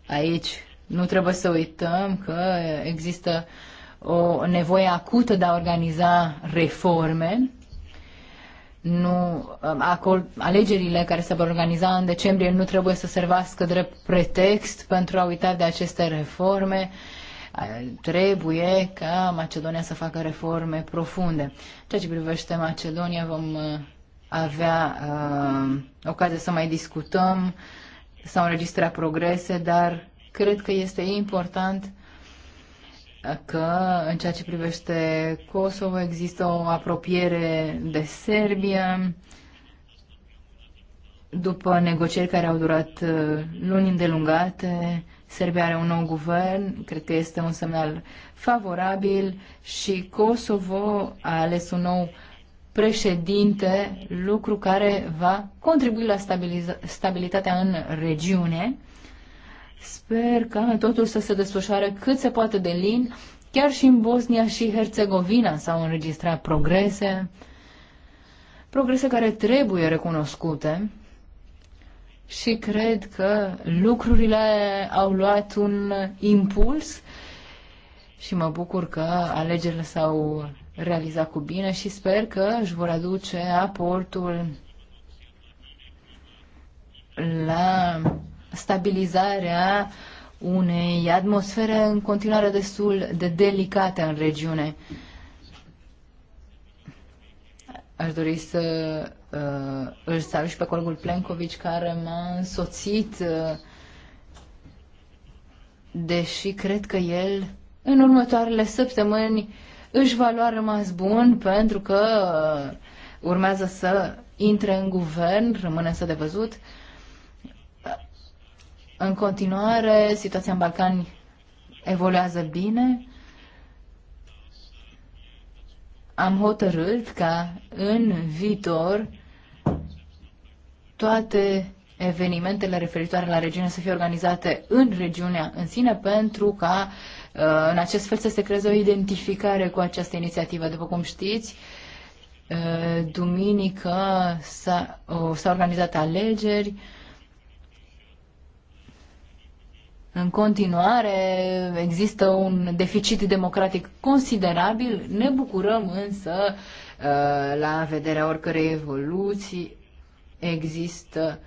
Speaker 3: Aici nu trebuie să uităm că există uh, o nevoie acută de a organiza reforme. Nu, acolo, alegerile care se vor organiza în decembrie nu trebuie să servească drept pretext pentru a uita de aceste reforme. Trebuie ca Macedonia să facă reforme profunde. Ceea ce privește Macedonia, vom uh, avea uh, ocazia să mai discutăm, să înregistrăm progrese, dar cred că este important că în ceea ce privește Kosovo există o apropiere de Serbia după negocieri care au durat uh, luni îndelungate, Serbia are un nou guvern, cred că este un semnal favorabil și Kosovo a ales un nou președinte, lucru care va contribui la stabilitatea în regiune. Sper ca totul să se desfășoare cât se poate de lin, chiar și în Bosnia și Herțegovina s-au înregistrat progrese, progrese care trebuie recunoscute și cred că lucrurile au luat un impuls și mă bucur că alegerile s-au realizat cu bine și sper că își vor aduce aportul la stabilizarea unei atmosfere în continuare destul de delicate în regiune. Aș dori să uh, îl salut și pe colegul Plenkovici care m-a însoțit, uh, deși cred că el în următoarele săptămâni își va lua rămas bun pentru că uh, urmează să intre în guvern, rămâne să de văzut. Uh, în continuare, situația în Balcani evoluează bine. Am hotărât ca în viitor toate evenimentele referitoare la regiune să fie organizate în regiunea în sine pentru ca uh, în acest fel să se creeze o identificare cu această inițiativă. După cum știți, uh, duminică s-au organizat alegeri În continuare există un deficit democratic considerabil, ne bucurăm însă uh, la vederea oricărei evoluții există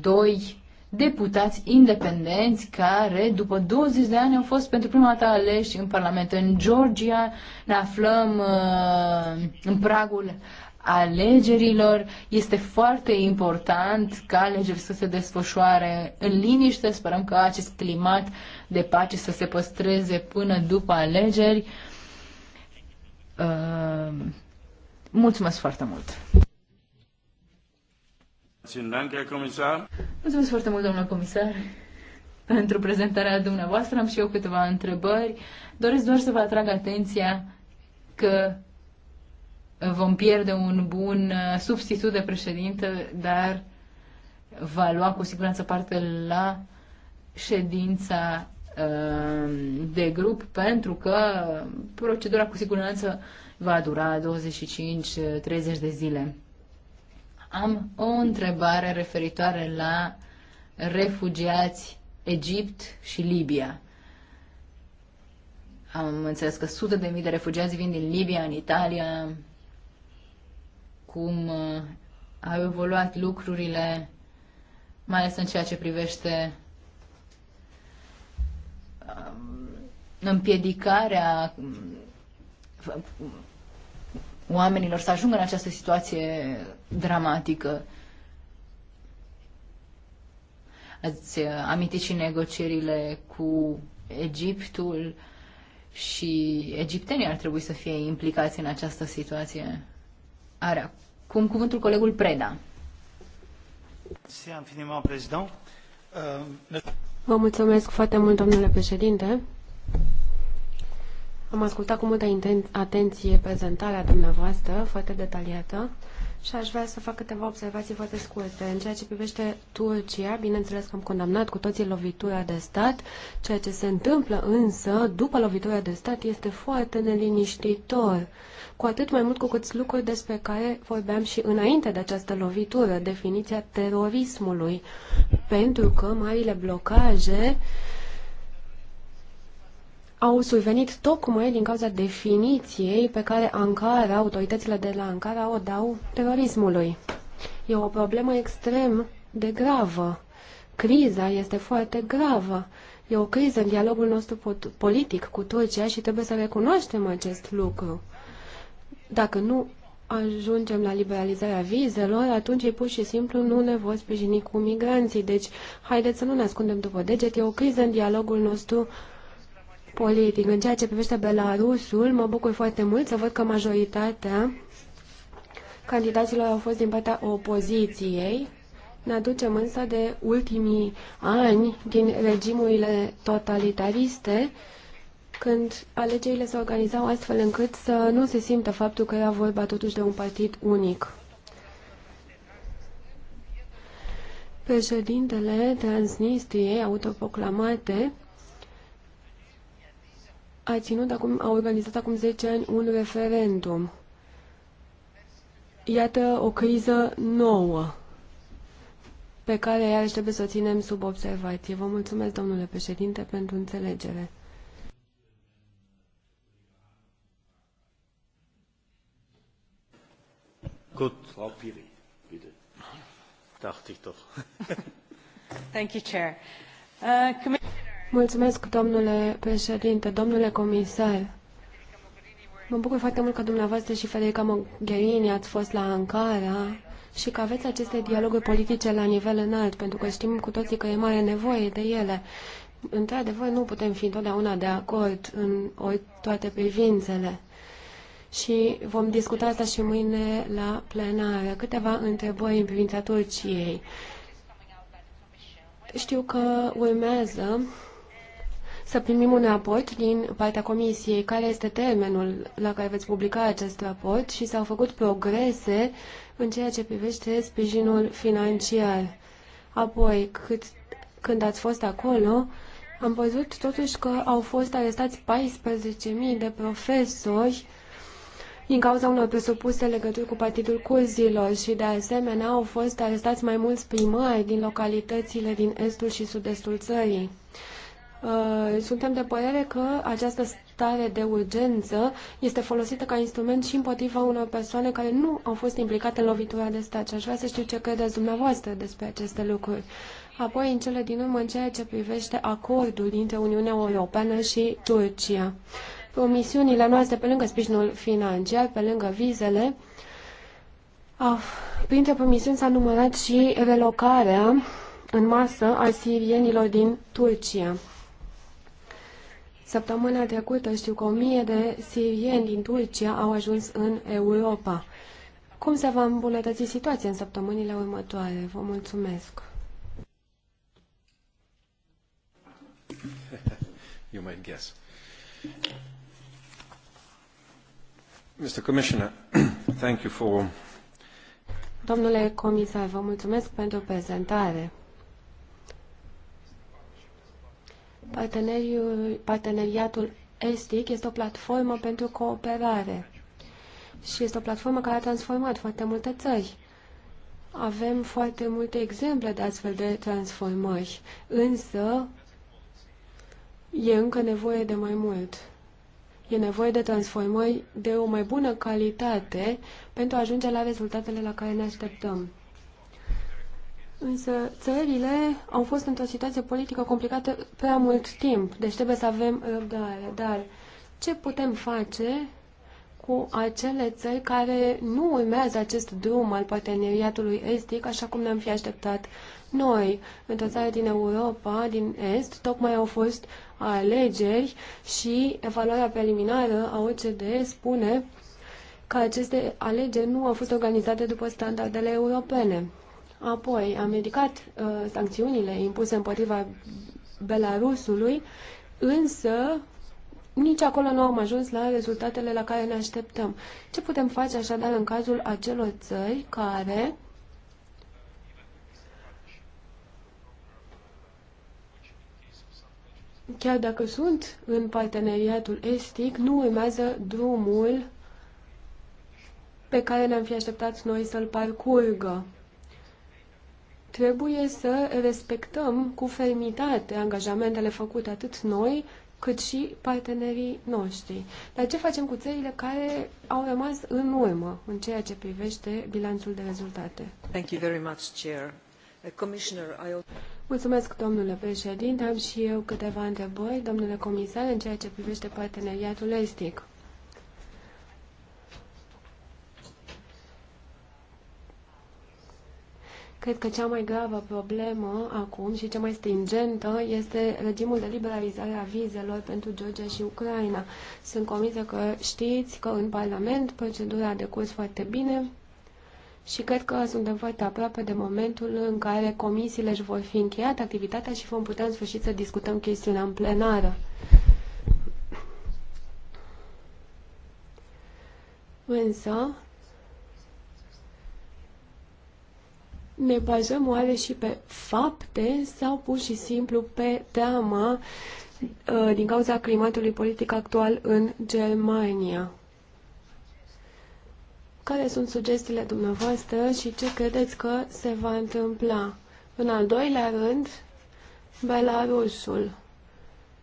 Speaker 3: doi deputați independenți care după 20 de ani au fost pentru prima dată aleși în Parlament. În Georgia ne aflăm uh, în pragul alegerilor. Este foarte important ca alegeri să se desfășoare în liniște. Sperăm că acest climat de pace să se păstreze până după alegeri. Uh, mulțumesc foarte mult! Mulțumesc foarte mult, domnule comisar, pentru prezentarea dumneavoastră. Am și eu câteva întrebări. Doresc doar să vă atrag atenția că vom pierde un bun uh, substitut de președinte, dar va lua cu siguranță parte la ședința uh, de grup pentru că procedura cu siguranță va dura 25-30 uh, de zile. Am o întrebare referitoare la refugiați Egipt și Libia. Am înțeles că sute de mii de refugiați vin din Libia în Italia, cum uh, au evoluat lucrurile, mai ales în ceea ce privește um, împiedicarea um, oamenilor să ajungă în această situație dramatică. Ați uh, amintit și negocierile cu Egiptul și egiptenii ar trebui să fie implicați în această situație. Are cum cuvântul colegul Preda.
Speaker 1: Euh,
Speaker 4: Vă mulțumesc foarte mult, domnule președinte. Am ascultat cu multă atenție prezentarea dumneavoastră, foarte detaliată, și aș vrea să fac câteva observații foarte scurte. În ceea ce privește Turcia, bineînțeles că am condamnat cu toții lovitura de stat. Ceea ce se întâmplă însă, după lovitura de stat, este foarte neliniștitor. Uh, cu atât mai mult cu cât lucruri despre care vorbeam și înainte de această lovitură, definiția terorismului, pentru că marile blocaje au survenit tocmai din cauza definiției pe care Ankara, autoritățile de la Ankara o dau terorismului. E o problemă extrem de gravă. Criza este foarte gravă. E o criză în dialogul nostru politic cu Turcia și trebuie să recunoaștem acest lucru. Dacă nu ajungem la liberalizarea vizelor, atunci ei pur și simplu nu ne vor sprijini cu migranții. Deci, haideți să nu ne ascundem după deget. E o criză în dialogul nostru politic. În ceea ce privește Belarusul, mă bucur foarte mult să văd că majoritatea candidaților au fost din partea opoziției. Ne aducem însă de ultimii ani din regimurile totalitariste când alegerile se organizau astfel încât să nu se simtă faptul că era vorba totuși de un partid unic. Președintele Transnistriei, autoproclamate, a, ținut acum, a organizat acum 10 ani un referendum. Iată o criză nouă pe care iarăși trebuie să o ținem sub observație. Vă mulțumesc, domnule președinte, pentru înțelegere.
Speaker 1: Gut. Frau Piri, bitte. Dachte ich doch.
Speaker 4: [laughs] Thank you, Chair. Uh, Mulțumesc, domnule președinte, domnule comisar. Mă bucur foarte mult că dumneavoastră și Federica Mogherini ați fost la Ankara și că aveți aceste dialoguri politice la nivel înalt, pentru că știm cu toții că e mare nevoie de ele. Într-adevăr, nu putem fi întotdeauna de acord în toate privințele și vom discuta asta și mâine la plenară. Câteva întrebări în privința Turciei. Știu că urmează să primim un raport din partea Comisiei. Care este termenul la care veți publica acest raport și s-au făcut progrese în ceea ce privește sprijinul financiar? Apoi, cât, când ați fost acolo, am văzut totuși că au fost arestați 14.000 de profesori din cauza unor presupuse legături cu Partidul Curzilor și de asemenea au fost arestați mai mulți primari din localitățile din estul și sud-estul țării. Uh, suntem de părere că această stare de urgență este folosită ca instrument și împotriva unor persoane care nu au fost implicate în lovitura de stat și aș vrea să știu ce credeți dumneavoastră despre aceste lucruri. Apoi, în cele din urmă, în ceea ce privește acordul dintre Uniunea Europeană și Turcia promisiunile noastre, pe lângă sprijinul financiar, pe lângă vizele, au, printre promisiuni s-a numărat și relocarea în masă a sirienilor din Turcia. Săptămâna trecută știu că o mie de sirieni din Turcia au ajuns în Europa. Cum se va îmbunătăți situația în săptămânile următoare? Vă mulțumesc!
Speaker 1: [laughs] You might guess. [clears throat]
Speaker 4: Domnule comisar, vă mulțumesc pentru prezentare. Parteneriatul Estic este o platformă pentru cooperare și este o platformă care a transformat foarte multe țări. Avem foarte multe exemple de astfel de transformări, însă e încă nevoie de mai mult. E nevoie de transformări de o mai bună calitate pentru a ajunge la rezultatele la care ne așteptăm. Însă țările au fost într-o situație politică complicată prea mult timp, deci trebuie să avem răbdare. Dar ce putem face cu acele țări care nu urmează acest drum al parteneriatului estic, așa cum ne-am fi așteptat noi. Într-o țară din Europa, din Est, tocmai au fost alegeri și evaluarea preliminară a OCDE spune că aceste alegeri nu au fost organizate după standardele europene. Apoi am ridicat uh, sancțiunile impuse împotriva Belarusului, însă nici acolo nu am ajuns la rezultatele la care ne așteptăm. Ce putem face așadar în cazul acelor țări care chiar dacă sunt în parteneriatul estic, nu urmează drumul pe care ne-am fi așteptat noi să-l parcurgă. Trebuie să respectăm cu fermitate angajamentele făcute atât noi, cât și partenerii noștri. Dar ce facem cu țările care au rămas în urmă în ceea ce privește bilanțul de rezultate? Thank
Speaker 5: you very much, Chair. Uh, Commissioner, I...
Speaker 4: Mulțumesc, domnule președinte. Am și eu câteva întrebări, domnule comisar, în ceea ce privește parteneriatul estic. Cred că cea mai gravă problemă acum și cea mai stringentă este regimul de liberalizare a vizelor pentru Georgia și Ucraina. Sunt convinsă că știți că în Parlament procedura a decurs foarte bine și cred că suntem foarte aproape de momentul în care comisiile își vor fi încheiate activitatea și vom putea în sfârșit să discutăm chestiunea în plenară. Însă, ne bazăm oare și pe fapte sau pur și simplu pe teama uh, din cauza climatului politic actual în Germania care sunt sugestiile dumneavoastră și ce credeți că se va întâmpla. În al doilea rând, Belarusul.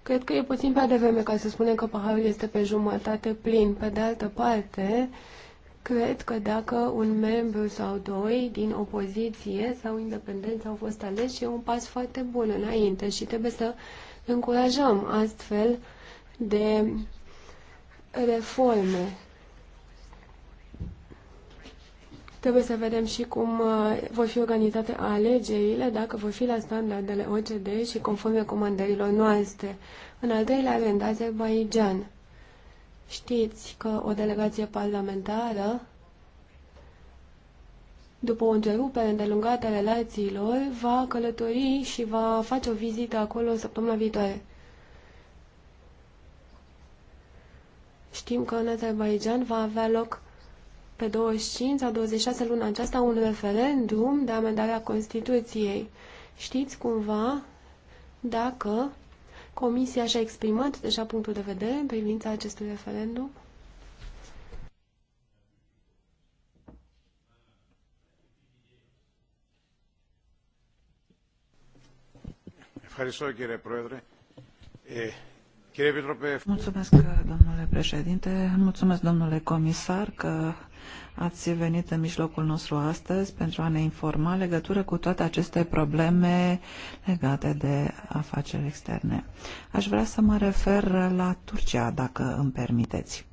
Speaker 4: Cred că e puțin prea devreme ca să spunem că paharul este pe jumătate plin. Pe de altă parte, cred că dacă un membru sau doi din opoziție sau independență au fost aleși, e un pas foarte bun înainte și trebuie să încurajăm astfel de reforme Trebuie să vedem și cum uh, vor fi organizate alegerile, dacă vor fi la standardele OCD și conform recomandărilor noastre. În al treilea rând, Azerbaijan. Știți că o delegație parlamentară, după o întrerupere îndelungată a relațiilor, va călători și va face o vizită acolo săptămâna viitoare. Știm că în Azerbaijan va avea loc pe 25 sau 26 luna aceasta un referendum de amendare a Constituției. Știți cumva dacă Comisia și-a exprimat deja punctul de vedere în privința acestui referendum?
Speaker 2: Mulțumesc,
Speaker 5: domnule președinte, mulțumesc, domnule comisar, că ați venit în mijlocul nostru astăzi pentru a ne informa legătură cu toate aceste probleme legate de afaceri externe. Aș vrea să mă refer la Turcia, dacă îmi permiteți.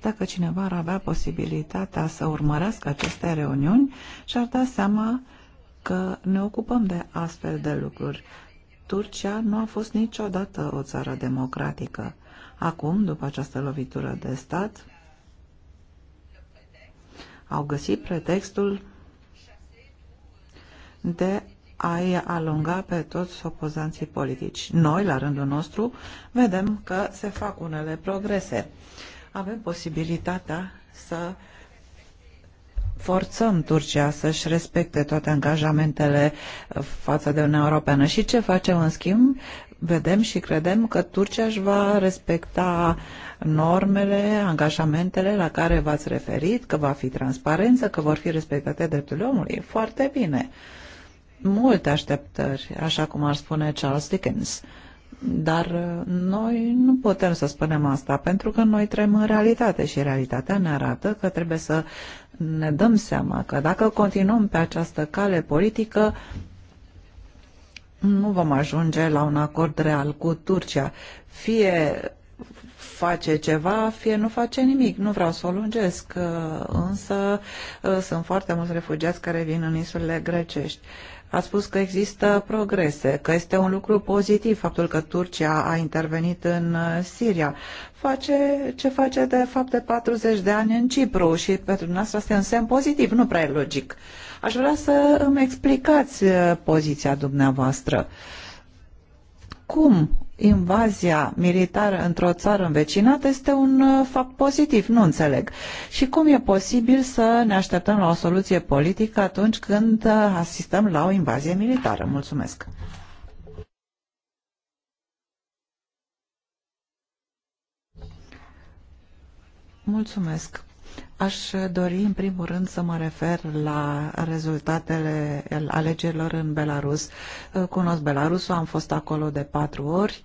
Speaker 5: Dacă cineva ar avea posibilitatea să urmărească aceste reuniuni, și-ar da seama că ne ocupăm de astfel de lucruri. Turcia nu a fost niciodată o țară democratică. Acum, după această lovitură de stat, au găsit pretextul de a-i alunga pe toți opozanții politici. Noi, la rândul nostru, vedem că se fac unele progrese. Avem posibilitatea să forțăm Turcia să-și respecte toate angajamentele față de Uniunea Europeană. Și ce facem în schimb? vedem și credem că Turcia își va respecta normele, angajamentele la care v-ați referit, că va fi transparență, că vor fi respectate drepturile omului. Foarte bine. Multe așteptări, așa cum ar spune Charles Dickens. Dar uh, noi nu putem să spunem asta, pentru că noi trăim în realitate și realitatea ne arată că trebuie să ne dăm seama că dacă continuăm pe această cale politică, nu vom ajunge la un acord real cu Turcia. Fie face ceva, fie nu face nimic. Nu vreau să o lungesc, uh, însă uh, sunt foarte mulți refugiați care vin în insulele grecești. A spus că există progrese, că este un lucru pozitiv faptul că Turcia a intervenit în uh, Siria. Face ce face de fapt de 40 de ani în Cipru și pentru dumneavoastră este un semn pozitiv, nu prea e logic. Uh, Aș vrea să îmi explicați uh, poziția dumneavoastră. Cum invazia militară într-o țară învecinată este un uh, fapt pozitiv, nu înțeleg. Și cum e posibil să ne așteptăm la o soluție politică atunci când uh, asistăm la o invazie militară? Mulțumesc! Mulțumesc! Aș dori, în primul rând, să mă refer la rezultatele alegerilor în Belarus. Cunosc Belarusul, am fost acolo de patru ori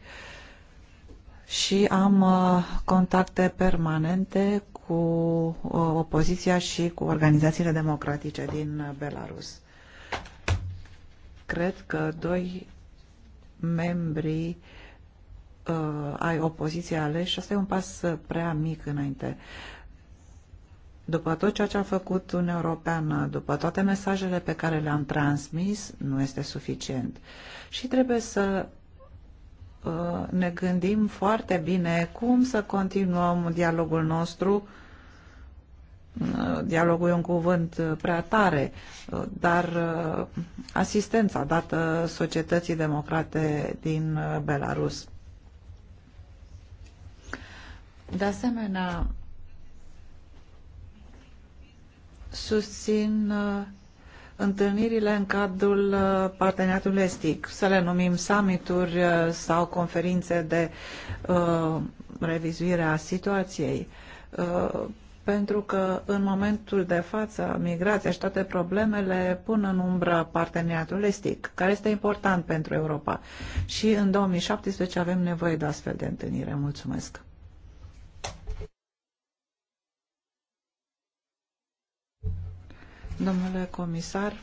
Speaker 5: și am uh, contacte permanente cu uh, opoziția și cu organizațiile democratice din Belarus. Cred că doi membri uh, ai opoziției aleși, asta e un pas prea mic înainte. Uh, după tot ceea ce a făcut Uniunea Europeană, după toate mesajele pe care le-am transmis, nu este suficient. Și trebuie să uh, ne gândim foarte bine cum să continuăm dialogul nostru. Uh, dialogul e un cuvânt prea tare, uh, dar asistența dată societății democrate din Belarus. De asemenea, susțin uh, întâlnirile în cadrul uh, parteneriatului estic, să le numim summituri uh, sau conferințe de revizuire a situației. pentru că în momentul de față migrația și toate problemele pun în umbră parteneriatul estic, care este important pentru Europa. Și în 2017 avem nevoie de astfel de întâlnire. Mulțumesc! Domnule comisar,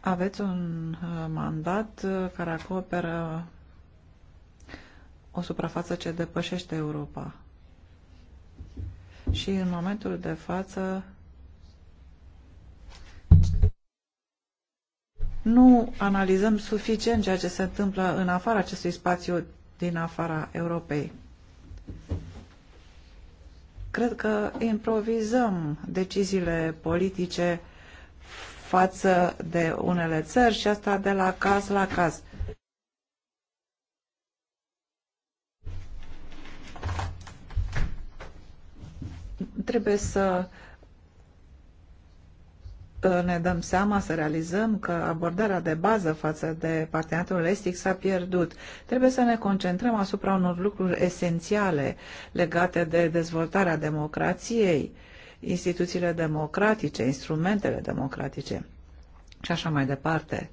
Speaker 5: aveți un uh, mandat uh, care acoperă o suprafață ce depășește Europa. Și în momentul de față nu analizăm suficient ceea ce se întâmplă în afara acestui spațiu din afara Europei. Cred că improvizăm deciziile politice față de unele țări și asta de la caz la caz. Trebuie să ne dăm seama, să realizăm că abordarea de bază față de parteneriatul estic s-a pierdut. Trebuie să ne concentrăm asupra unor lucruri esențiale legate de dezvoltarea democrației, instituțiile democratice, instrumentele democratice și așa mai departe.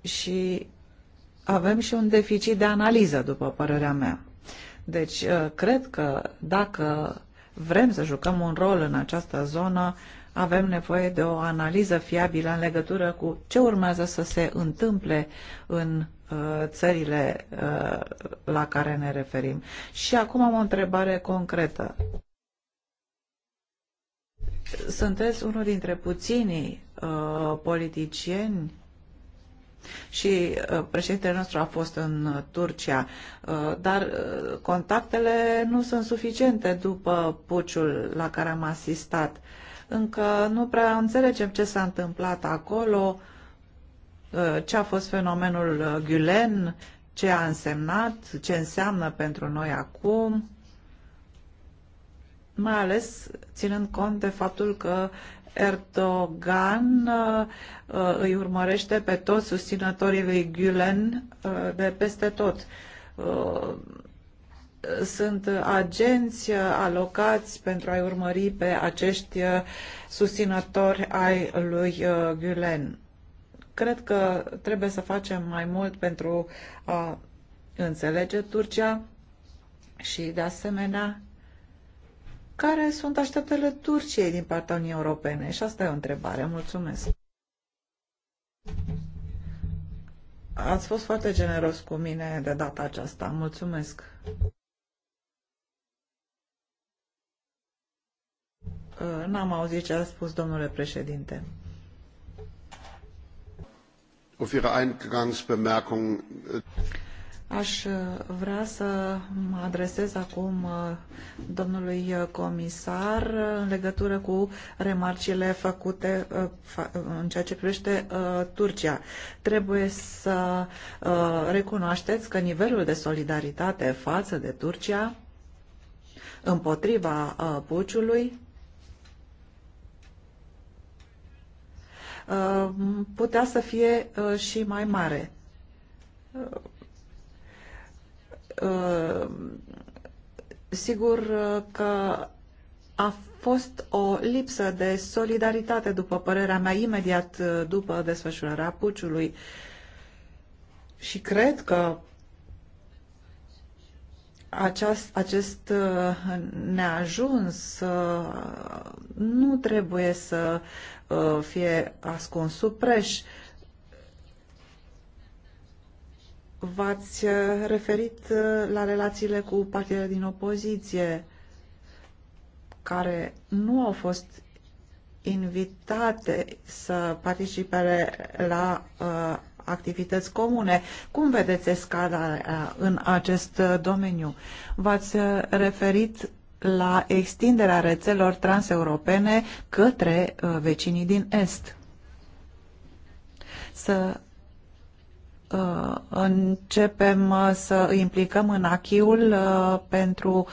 Speaker 5: Și avem și un deficit de analiză, după părerea mea. Deci, uh, cred că dacă vrem să jucăm un rol în această zonă, avem nevoie de o analiză fiabilă în legătură cu ce urmează să se întâmple în uh, țările uh, la care ne referim. Și acum am o întrebare concretă. Sunteți unul dintre puținii uh, politicieni și președintele nostru a fost în Turcia, dar contactele nu sunt suficiente după puciul la care am asistat încă nu prea înțelegem ce s-a întâmplat acolo, uh, ce a fost fenomenul uh, Gulen, ce a însemnat, ce înseamnă pentru noi acum, mai ales ținând cont de faptul că Erdogan uh, îi urmărește pe toți susținătorii lui Gulen de peste tot sunt agenți alocați pentru a-i urmări pe acești susținători ai lui uh, Gulen. Cred că trebuie să facem mai mult pentru a înțelege Turcia și, de asemenea, care sunt așteptările Turciei din partea Uniunii Europene? Și asta e o întrebare. Mulțumesc. Ați fost foarte generos cu mine de data aceasta. Mulțumesc. Uh, n-am auzit ce a spus domnule președinte.
Speaker 1: Auf Ihre Eingangsbemerkung. Äh,
Speaker 5: Aș uh, vrea să mă adresez acum uh, domnului comisar în legătură cu remarcile făcute în ceea ce privește Turcia. Trebuie să recunoașteți că nivelul de solidaritate față de Turcia împotriva puciului Uh, putea să fie uh, și mai mare. Uh, sigur că a fost o lipsă de solidaritate, după părerea mea, imediat după desfășurarea puciului. Și cred că aceast, acest uh, neajuns uh, nu trebuie să uh, fie ascuns sub preș. V-ați referit la relațiile cu partidele din opoziție care nu au fost invitate să participe la activități comune. Cum vedeți escalarea uh, în acest uh, domeniu? V-ați uh, referit la extinderea rețelor transeuropene către vecinii din Est. Să începem să implicăm în achiul pentru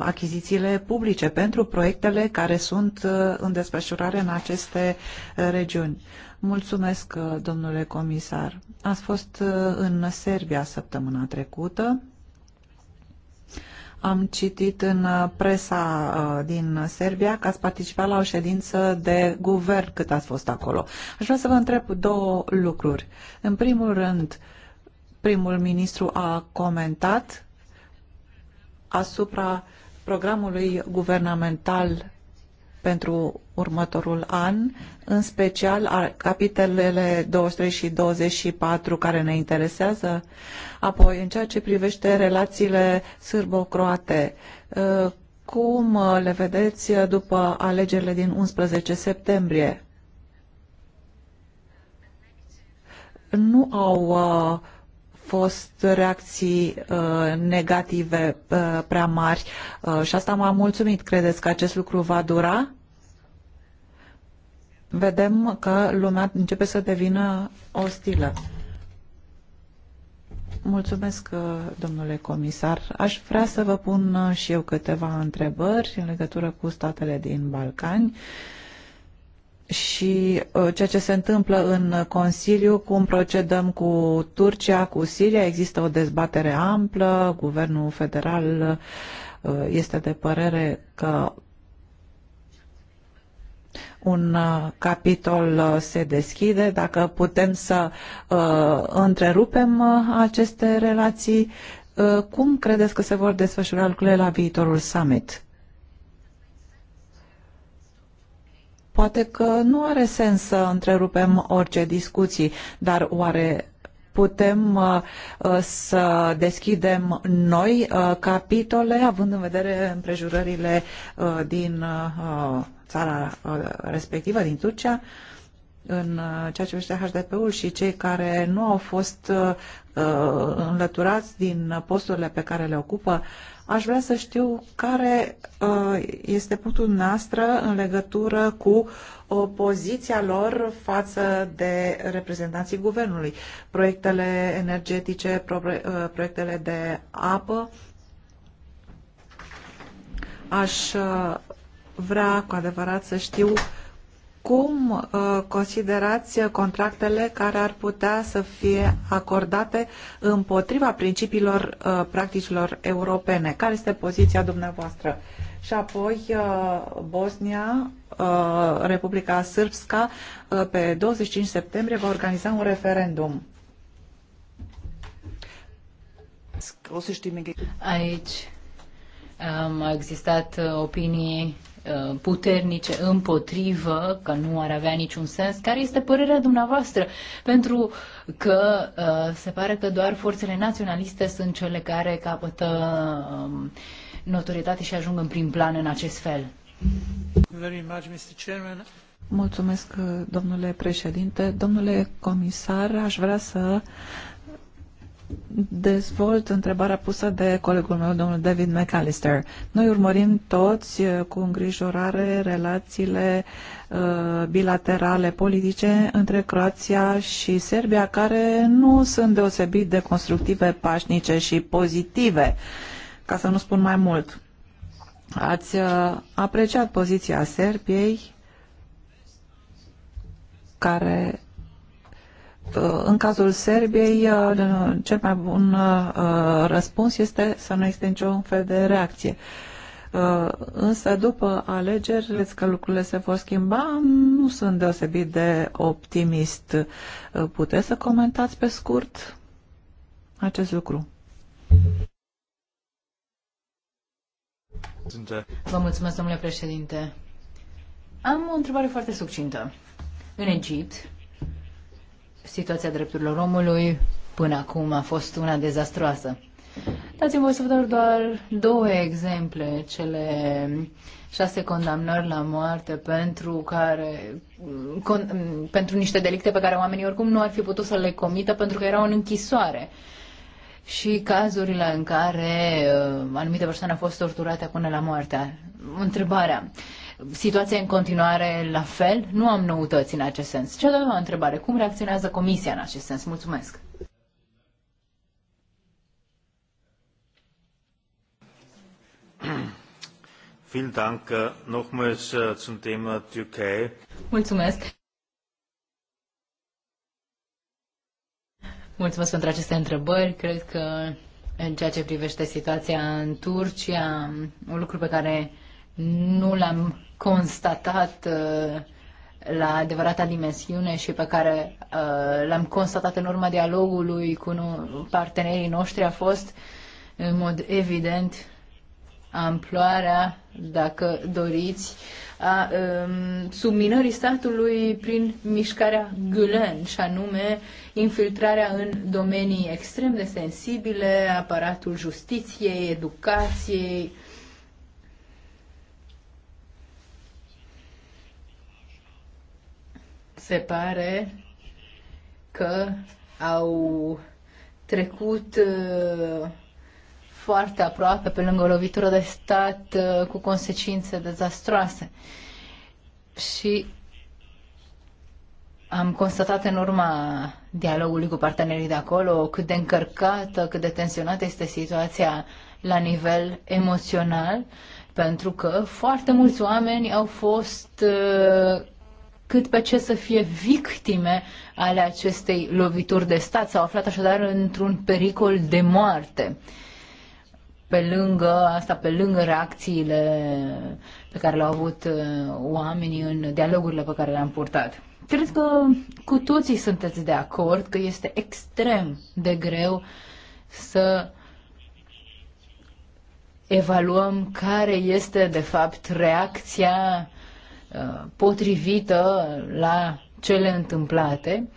Speaker 5: achizițiile publice, pentru proiectele care sunt în desfășurare în aceste regiuni. Mulțumesc, uh, domnule comisar. Ați fost uh, în Serbia săptămâna trecută. Am citit în uh, presa din Serbia că ați participat la o ședință de guvern cât ați fost acolo. Aș vrea să vă întreb două lucruri. În primul rând, primul ministru a comentat asupra programului guvernamental pentru următorul an, în special capitolele 23 și 24 care ne interesează. Apoi, în ceea ce privește relațiile sârbo-croate, uh, cum uh, le vedeți uh, după alegerile din 11 septembrie? Nu au fost reacții uh, negative uh, prea mari uh, și asta m-a mulțumit. Credeți că acest lucru va dura? vedem că lumea începe să devină ostilă. Mulțumesc, domnule comisar. Aș vrea să vă pun și eu câteva întrebări în legătură cu statele din Balcani și uh, ceea ce se întâmplă în Consiliu, cum procedăm cu Turcia, cu Siria. Există o dezbatere amplă, guvernul federal uh, este de părere că un uh, capitol uh, se deschide, dacă putem să uh, întrerupem uh, aceste relații, cum credeți că se vor desfășura lucrurile la viitorul summit? Poate că nu are sens să întrerupem orice discuții, dar oare putem uh, uh, să deschidem noi uh, capitole, având în vedere împrejurările din țara respectivă, din Turcia, în ceea ce privește HDP-ul și cei care nu au fost înlăturați din posturile pe care le ocupă, aș vrea să știu care este punctul noastră în legătură cu poziția lor față de reprezentanții guvernului. Proiectele energetice, uh, proiectele de apă. Aș uh, vrea cu adevărat să știu cum uh, considerați contractele care ar putea să fie acordate împotriva principiilor practicilor europene? Care este poziția dumneavoastră? și apoi uh, Bosnia, uh, Republica Sârbska, uh, pe 25 septembrie va organiza un
Speaker 3: referendum. Aici um, au existat opinii puternice împotrivă, că nu ar avea niciun sens. Care este părerea dumneavoastră? Pentru că uh, se pare că doar forțele naționaliste sunt cele care capătă uh, notorietate și ajung în prim plan în acest fel. Mulțumesc, domnule președinte. Domnule comisar,
Speaker 5: aș vrea să dezvolt întrebarea pusă de colegul meu, domnul David McAllister. Noi urmărim toți uh, cu îngrijorare relațiile uh, bilaterale politice între Croația și Serbia, care nu sunt deosebit de constructive, pașnice și pozitive. Uh, ca să nu spun mai mult. Ați uh, apreciat poziția Serbiei, care uh, în cazul Serbiei, uh, cel mai bun răspuns este să nu existe niciun fel de reacție. Însă, după alegeri, vedeți că lucrurile se vor schimba? Nu sunt deosebit de optimist. Puteți să comentați pe scurt acest lucru?
Speaker 3: Vă mulțumesc, domnule președinte. Am o întrebare foarte succintă. În Egipt, situația drepturilor omului până acum a fost una dezastroasă. Dați-mi voi să vă dau doar două exemple, cele șase condamnări la moarte pentru, care, con, pentru niște delicte pe care oamenii oricum nu ar fi putut să le comită pentru că erau în închisoare. Uh, și cazurile în care uh, anumite persoane au fost torturate până la moarte. Întrebarea. Situația în continuare la fel? Nu am noutăți în acest sens. Cea de-a întrebare. Cum reacționează Comisia în acest sens? Mulțumesc.
Speaker 2: Vielen Dank. Nochmals äh, zum Thema Türkei.
Speaker 3: Mulțumesc. Mulțumesc pentru aceste întrebări. Cred că în ceea ce privește situația în Turcia, un lucru pe care nu l-am constatat uh, la adevărata dimensiune și pe care uh, l-am constatat în urma dialogului cu partenerii noștri a fost în mod evident amploarea, dacă doriți, uh, a um, subminării statului prin mișcarea Gülen, și anume infiltrarea în domenii extrem de sensibile, aparatul justiției, educației, se pare că au trecut uh, foarte aproape, pe lângă o lovitură de stat uh, cu consecințe dezastroase. Și am constatat în urma dialogului cu partenerii de acolo cât de încărcată, cât de tensionată este situația la nivel emoțional, pentru că foarte mulți oameni au fost uh, cât pe ce să fie victime ale acestei lovituri de stat. S-au aflat așadar într-un pericol de moarte pe lângă asta, pe lângă reacțiile pe care le-au avut uh, oamenii în dialogurile pe care le-am purtat. Cred că cu toții sunteți de acord că este extrem de greu să evaluăm care este de fapt reacția uh, potrivită la cele întâmplate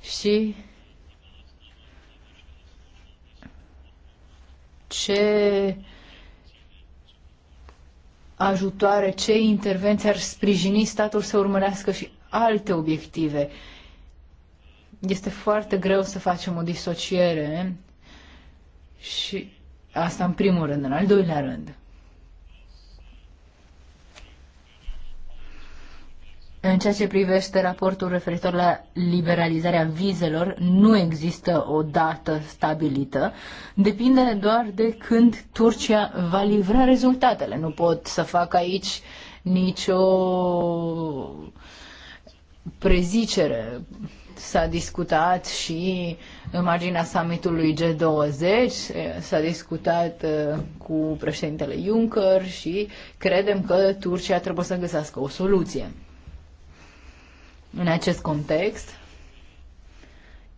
Speaker 3: și ce ajutoare, ce intervenții ar sprijini statul să urmărească și alte obiective. Este foarte greu să facem o disociere și asta în primul rând, în al doilea rând. În ceea ce privește raportul referitor la liberalizarea vizelor, nu există o dată stabilită. Depinde doar de când Turcia va livra rezultatele. Nu pot să fac aici nicio prezicere. S-a discutat și în marginea summitului G20, s-a discutat uh, cu președintele Juncker și credem că Turcia trebuie să găsească o soluție. În acest context,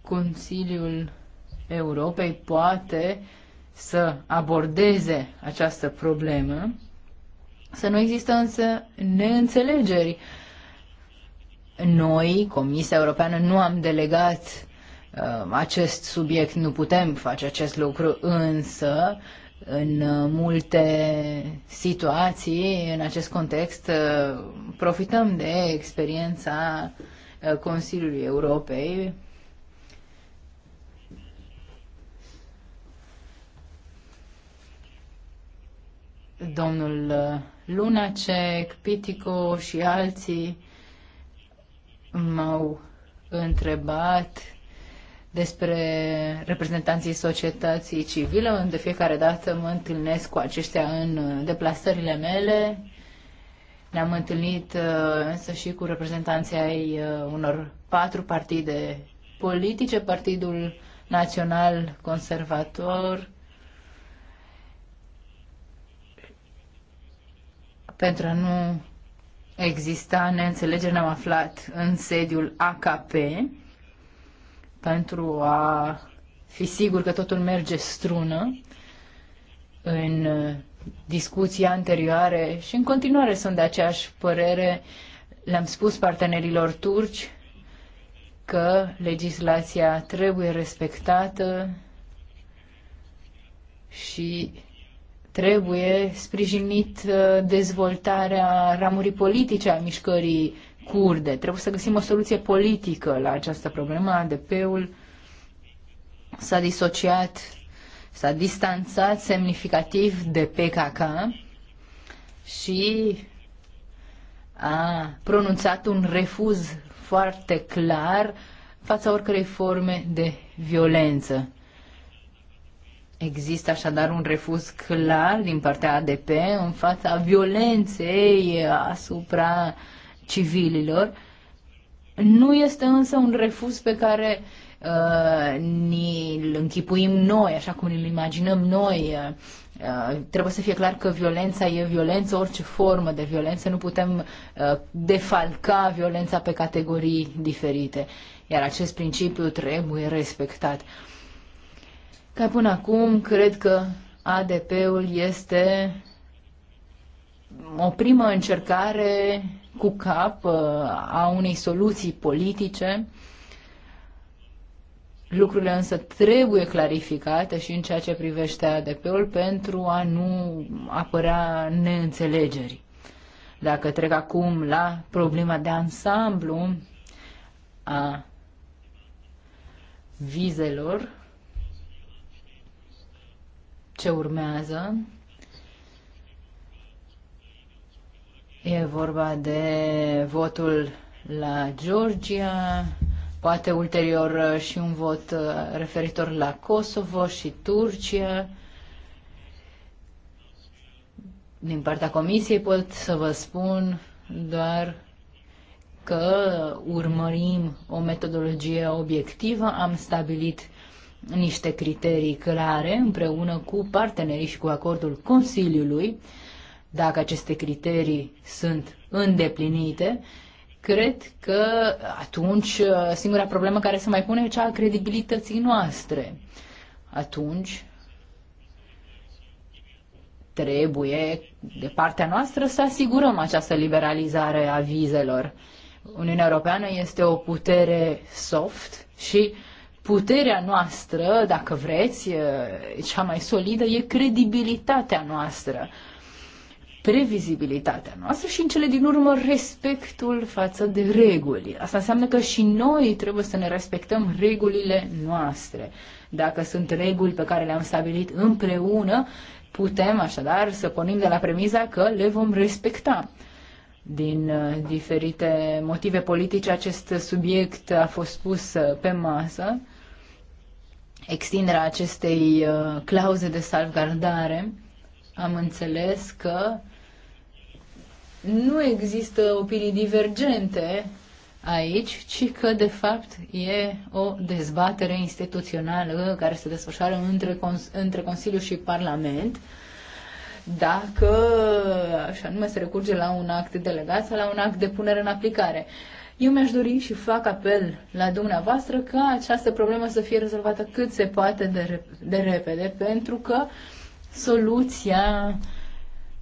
Speaker 3: Consiliul Europei poate să abordeze această problemă, să nu există însă neînțelegeri. Noi, Comisia Europeană, nu am delegat uh, acest subiect, nu putem face acest lucru, însă uh, în uh, multe situații, în acest context, uh, profităm de experiența uh, Consiliului Europei domnul Lunacek, Pitico și alții m-au întrebat despre reprezentanții societății civile, unde fiecare dată mă întâlnesc cu aceștia în uh, deplasările mele. Ne-am întâlnit uh, însă și cu reprezentanții ai uh, unor patru partide politice, Partidul Național Conservator, pentru a nu exista neînțelegeri, ne-am aflat în sediul AKP, pentru a fi sigur că totul merge strună. În discuții anterioare și în continuare sunt de aceeași părere, le-am spus partenerilor turci că legislația trebuie respectată și trebuie sprijinit uh, dezvoltarea ramurii politice a mișcării curde. Trebuie să găsim o soluție politică la această problemă. ADP-ul s-a disociat, s-a distanțat semnificativ de PKK și a pronunțat un refuz foarte clar fața oricărei forme de violență. Există așadar un refuz clar din partea ADP în fața violenței asupra uh, civililor. Nu este însă un refuz pe care uh, ni-l închipuim noi, așa cum îl imaginăm noi. Uh, uh, trebuie să fie clar că violența e violență, orice formă de violență. Nu putem uh, defalca violența pe categorii diferite. Iar acest principiu trebuie respectat. Ca până acum, cred că ADP-ul este o primă încercare cu cap uh, a unei soluții politice. Lucrurile însă trebuie clarificate și în ceea ce privește ADP-ul pentru a nu apărea neînțelegeri. Dacă trec acum la problema de ansamblu a vizelor, ce urmează E vorba de votul la Georgia, poate ulterior uh, și un vot uh, referitor la Kosovo și Turcia. Din partea Comisiei pot să vă spun doar că urmărim o metodologie obiectivă, am stabilit niște criterii clare împreună cu partenerii și cu acordul Consiliului dacă aceste criterii sunt îndeplinite, cred că atunci uh, singura problemă care se mai pune e cea a credibilității noastre. Atunci trebuie, de partea noastră, să asigurăm această liberalizare a vizelor. Uniunea Europeană este o putere soft și puterea noastră, dacă vreți, cea mai solidă, e credibilitatea noastră previzibilitatea noastră și, în cele din urmă, respectul față de reguli. Asta înseamnă că și noi trebuie să ne respectăm regulile noastre. Dacă sunt reguli pe care le-am stabilit împreună, putem așadar să pornim de la premiza că le vom respecta. Din uh, diferite motive politice, acest subiect a fost pus uh, pe masă. Extinderea acestei uh, clauze de salvgardare am înțeles că nu există opinii divergente aici, ci că, de fapt, e o dezbatere instituțională care se desfășoară între, cons- între Consiliu și Parlament, dacă, așa nume, se recurge la un act delegat sau la un act de punere în aplicare. Eu mi-aș dori și fac apel la dumneavoastră ca această problemă să fie rezolvată cât se poate de, rep- de repede, pentru că soluția uh,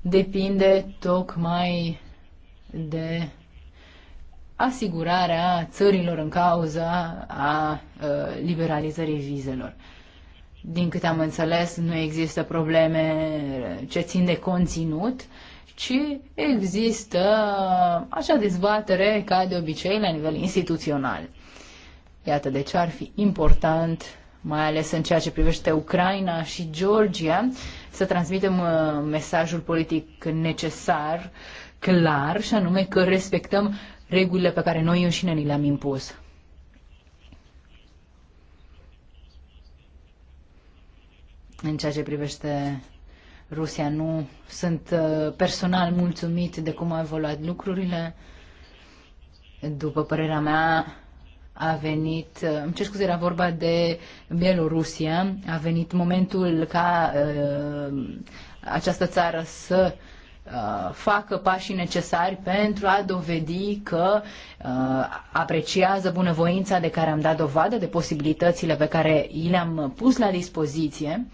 Speaker 3: depinde tocmai de asigurarea țărilor în cauza a liberalizării vizelor. Din câte am înțeles, nu există probleme ce țin de conținut, ci există acea dezbatere ca de obicei la nivel instituțional. Iată de ce ar fi important, mai ales în ceea ce privește Ucraina și Georgia, să transmitem uh, mesajul politic necesar, clar, și anume că respectăm regulile pe care noi înșine ni le-am impus. În ceea ce privește Rusia, nu sunt uh, personal mulțumit de cum au evoluat lucrurile. După părerea mea, a venit, îmi cer scuze, era vorba de Bielorusia, a venit momentul ca uh, această țară să uh, facă pașii necesari pentru a dovedi că uh, apreciază bunăvoința de care am dat dovadă, de posibilitățile pe care i le-am pus la dispoziție,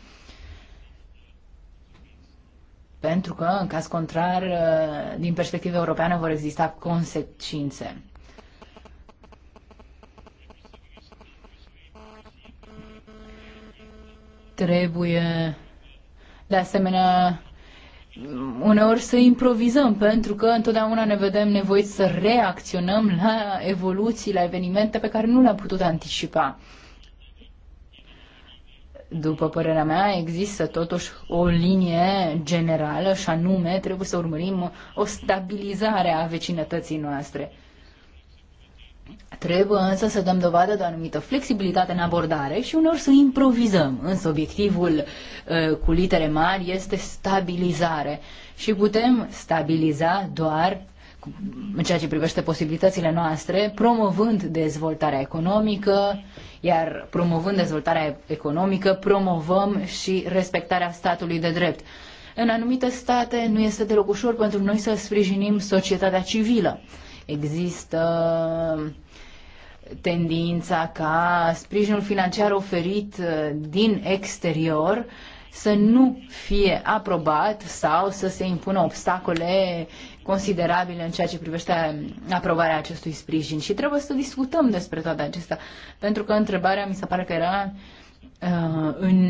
Speaker 3: pentru că, în caz contrar, uh, din perspectiva europeană vor exista consecințe. Trebuie, de asemenea, uneori să improvizăm, pentru că întotdeauna ne vedem nevoiți să reacționăm la evoluții, la evenimente pe care nu le-am putut anticipa. După părerea mea, există totuși o linie generală și anume trebuie să urmărim o stabilizare a vecinătății noastre Trebuie însă să dăm dovadă de o anumită flexibilitate în abordare și uneori să improvizăm. Însă obiectivul ă, cu litere mari este stabilizare și putem stabiliza doar în ceea ce privește posibilitățile noastre, promovând dezvoltarea economică, iar promovând dezvoltarea economică, promovăm și respectarea statului de drept. În anumite state nu este deloc ușor pentru noi să sprijinim societatea civilă. Există tendința ca sprijinul financiar oferit uh, din exterior să nu fie aprobat sau să se impună obstacole considerabile în ceea ce privește aprobarea acestui sprijin. Și trebuie să discutăm despre toate acestea, pentru că întrebarea mi se pare că era uh, în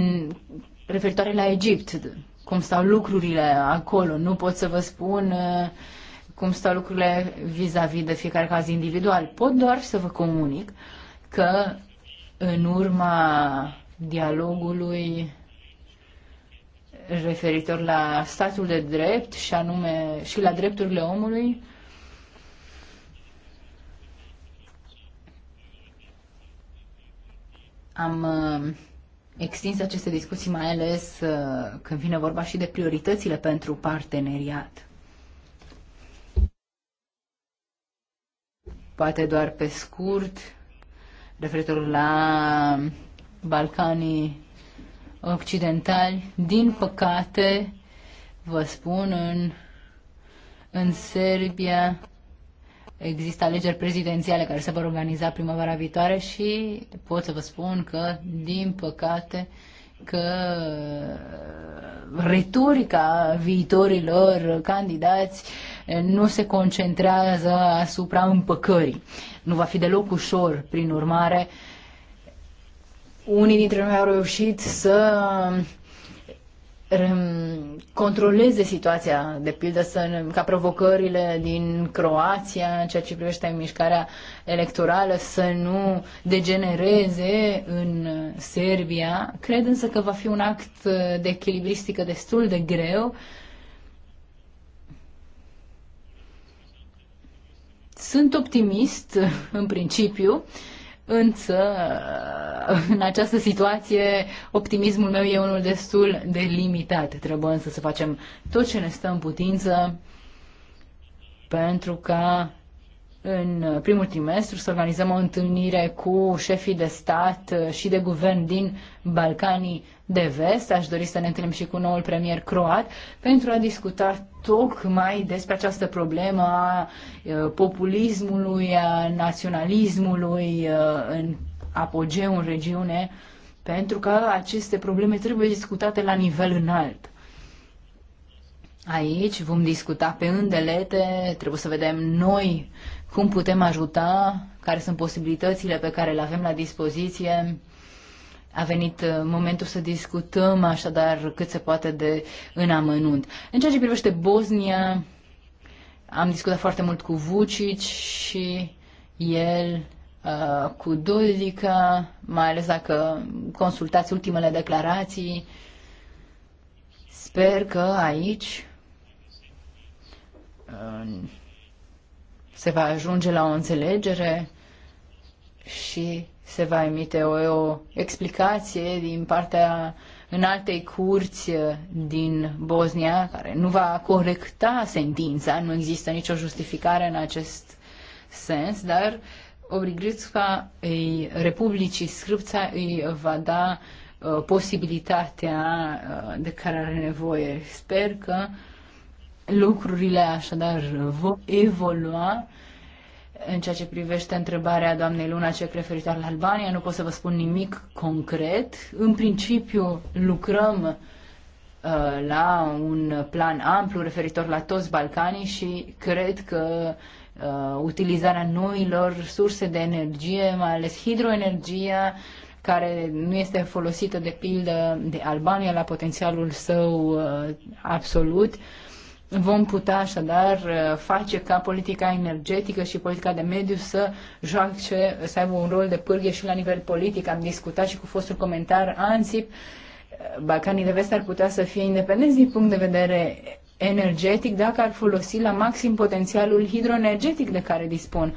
Speaker 3: referitoare la Egipt, cum stau lucrurile acolo. Nu pot să vă spun uh, cum stau lucrurile vis-a-vis -vis de fiecare caz individual. Pot doar să vă comunic că în urma dialogului referitor la statul de drept și anume și la drepturile omului, am uh, extins aceste discuții mai ales uh, când vine vorba și de prioritățile pentru parteneriat. poate doar pe scurt, referitor la Balcanii Occidentali. Din păcate, vă spun, în, în Serbia există alegeri prezidențiale care se vor organiza primăvara viitoare și pot să vă spun că, din păcate, că retorica viitorilor candidați uh, nu se concentrează asupra împăcării. Nu va fi deloc ușor, prin urmare. Unii dintre noi au reușit să controleze situația, de pildă să, ca provocările din Croația în ceea ce privește mișcarea electorală să nu degenereze în Serbia. Cred însă că va fi un act de echilibristică destul de greu Sunt optimist în principiu, însă în această situație optimismul meu e unul destul de limitat. Trebuie însă să facem tot ce ne stă în putință pentru ca în primul trimestru să organizăm o întâlnire cu șefii de stat uh, și de guvern din Balcanii de Vest. Aș dori să ne întâlnim și cu noul premier croat pentru a discuta tocmai despre această problemă a uh, populismului, a naționalismului uh, în apogeu în regiune, pentru că aceste probleme trebuie discutate la nivel înalt. Aici vom discuta pe îndelete, trebuie să vedem noi cum putem ajuta, care sunt posibilitățile pe care le avem la dispoziție. A venit uh, momentul să discutăm așadar cât se poate de în amănunt. În ceea ce privește Bosnia, am discutat foarte mult cu Vucic și el uh, cu Dodica, mai ales dacă consultați ultimele declarații. Sper că aici, se va ajunge la o înțelegere și se va emite o, o explicație din partea alte curți din Bosnia, care nu va corecta sentința, nu există nicio justificare în acest sens, dar Obrigrițca îi Republicii Scripța îi va da uh, posibilitatea uh, de care are nevoie. Sper că uh, Lucrurile așadar vor evolua în ceea ce privește întrebarea doamnei Luna ce referitor la Albania, nu pot să vă spun nimic concret. În principiu lucrăm uh, la un plan amplu referitor la toți Balcanii și cred că uh, utilizarea noilor surse de energie, mai ales hidroenergia, care nu este folosită de pildă de Albania la potențialul său uh, absolut, uh, Vom putea așadar uh, face ca politica energetică și politica de mediu să joace, să aibă un rol de pârghie și la nivel politic. Am discutat și cu fostul comentar ANSIP. Uh, Balcanii de Vest ar putea să fie independenți din punct de vedere energetic dacă ar folosi la maxim potențialul hidroenergetic de care dispun.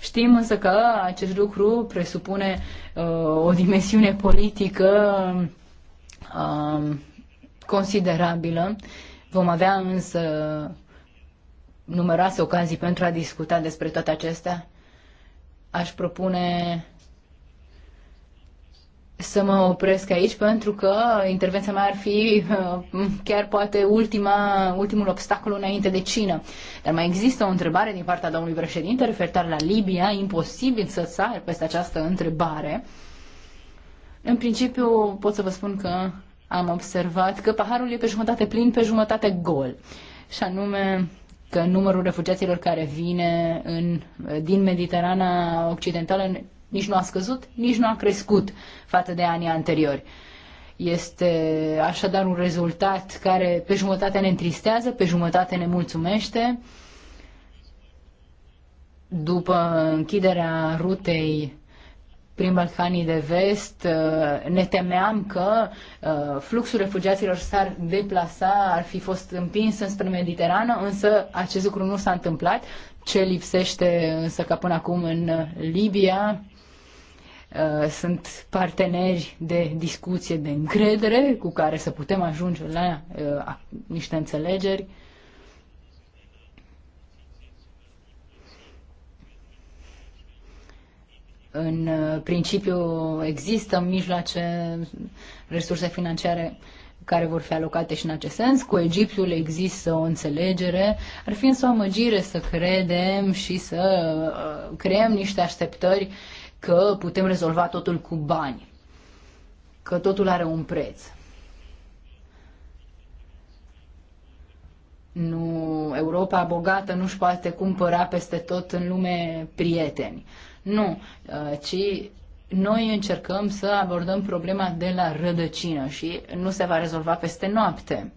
Speaker 3: Știm însă că acest lucru presupune uh, o dimensiune politică uh, considerabilă Vom avea însă numeroase ocazii pentru a discuta despre toate acestea. Aș propune să mă opresc aici pentru că intervenția mea ar fi uh, chiar poate ultima, ultimul obstacol înainte de cină. Dar mai există o întrebare din partea domnului președinte referitor la Libia. Imposibil să sar peste această întrebare. În principiu pot să vă spun că am observat că paharul e pe jumătate plin, pe jumătate gol. Și anume că numărul refugiaților care vine în, din Mediterana Occidentală nici nu a scăzut, nici nu a crescut față de anii anteriori. Este așadar un rezultat care pe jumătate ne întristează, pe jumătate ne mulțumește. După închiderea rutei prin Balcanii de Vest, uh, ne temeam că uh, fluxul refugiaților s-ar deplasa, ar fi fost împins înspre Mediterană, însă acest lucru nu s-a întâmplat. Ce lipsește însă ca până acum în uh, Libia sunt parteneri de discuție, de încredere cu care să putem ajunge la niște înțelegeri. În uh, principiu există mijloace, resurse financiare care vor fi alocate și în acest sens. Cu Egiptul există o înțelegere. Ar fi însă o amăgire să credem și să uh, creăm niște așteptări că putem rezolva totul cu bani, că totul are un preț. Nu, Europa bogată nu-și poate cumpăra peste tot în lume prieteni. Uh, nu, uh, ci noi încercăm să abordăm problema de la rădăcină și nu se va rezolva peste noapte.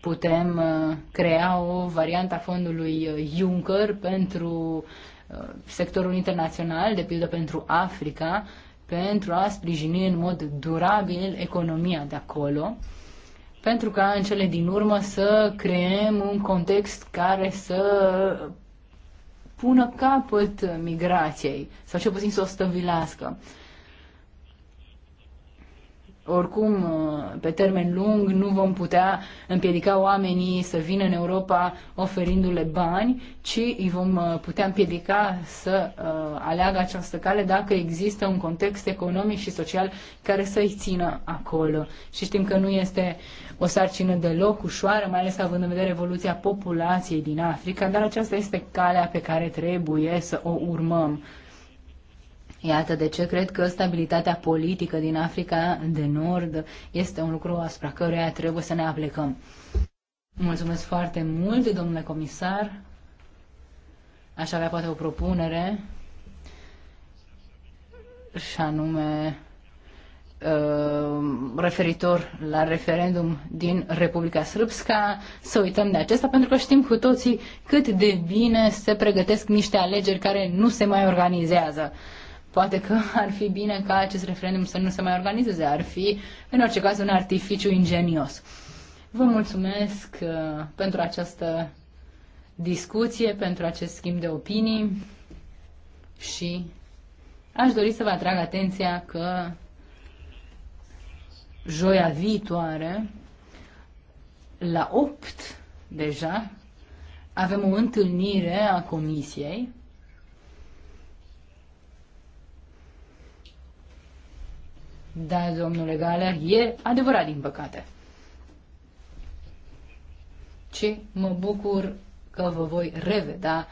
Speaker 3: Putem uh, crea o variantă a fondului uh, Juncker pentru sectorul internațional, de pildă pentru Africa, pentru a sprijini în mod durabil economia de acolo, pentru ca în cele din urmă să creăm un context care să pună capăt migrației sau cel puțin să o stăvilească. Oricum, uh, pe termen lung, nu vom putea împiedica oamenii să vină în Europa oferindu-le bani, ci îi vom uh, putea împiedica să uh, aleagă această cale dacă există un context economic și social care să-i țină acolo. Și știm că nu este o sarcină deloc ușoară, mai ales având în vedere evoluția populației din Africa, dar aceasta este calea pe care trebuie să o urmăm Iată de ce cred că stabilitatea politică din Africa de Nord este un lucru asupra căruia trebuie să ne aplicăm. Mulțumesc foarte mult, domnule comisar. Aș avea poate o propunere și anume uh, referitor la referendum din Republica Srpska, să uităm de acesta, pentru că știm cu toții cât de bine se pregătesc niște alegeri care nu se mai organizează. Poate că [laughs] ar fi bine ca acest referendum să nu se mai organizeze, ar fi în orice caz un artificiu ingenios. Vă mulțumesc uh, pentru această discuție, pentru acest schimb de opinii și aș dori să vă atrag atenția că joia viitoare, la 8 deja, avem o întâlnire a comisiei Da, domnule Gale, e adevărat, din păcate. Ce mă bucur că vă voi revedea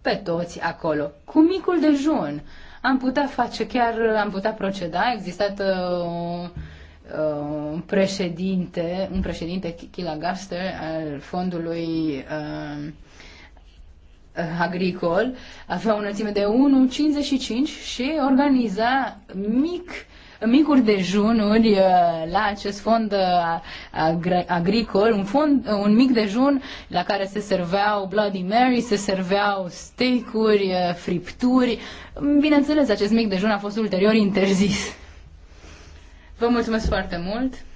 Speaker 3: pe toți acolo. Cu micul dejun am putea face chiar, am putea proceda, a existat uh, uh un președinte, un președinte Kila Gaster al fondului uh, Eh, agricol, avea o înălțime de 1,55 și organiza mic micuri dejunuri eh, la acest fond eh, agricol, un, fond, un mic dejun la care se serveau Bloody Mary, se serveau steak-uri, fripturi. Bineînțeles, acest mic dejun a fost ulterior interzis. Vă mulțumesc foarte mult!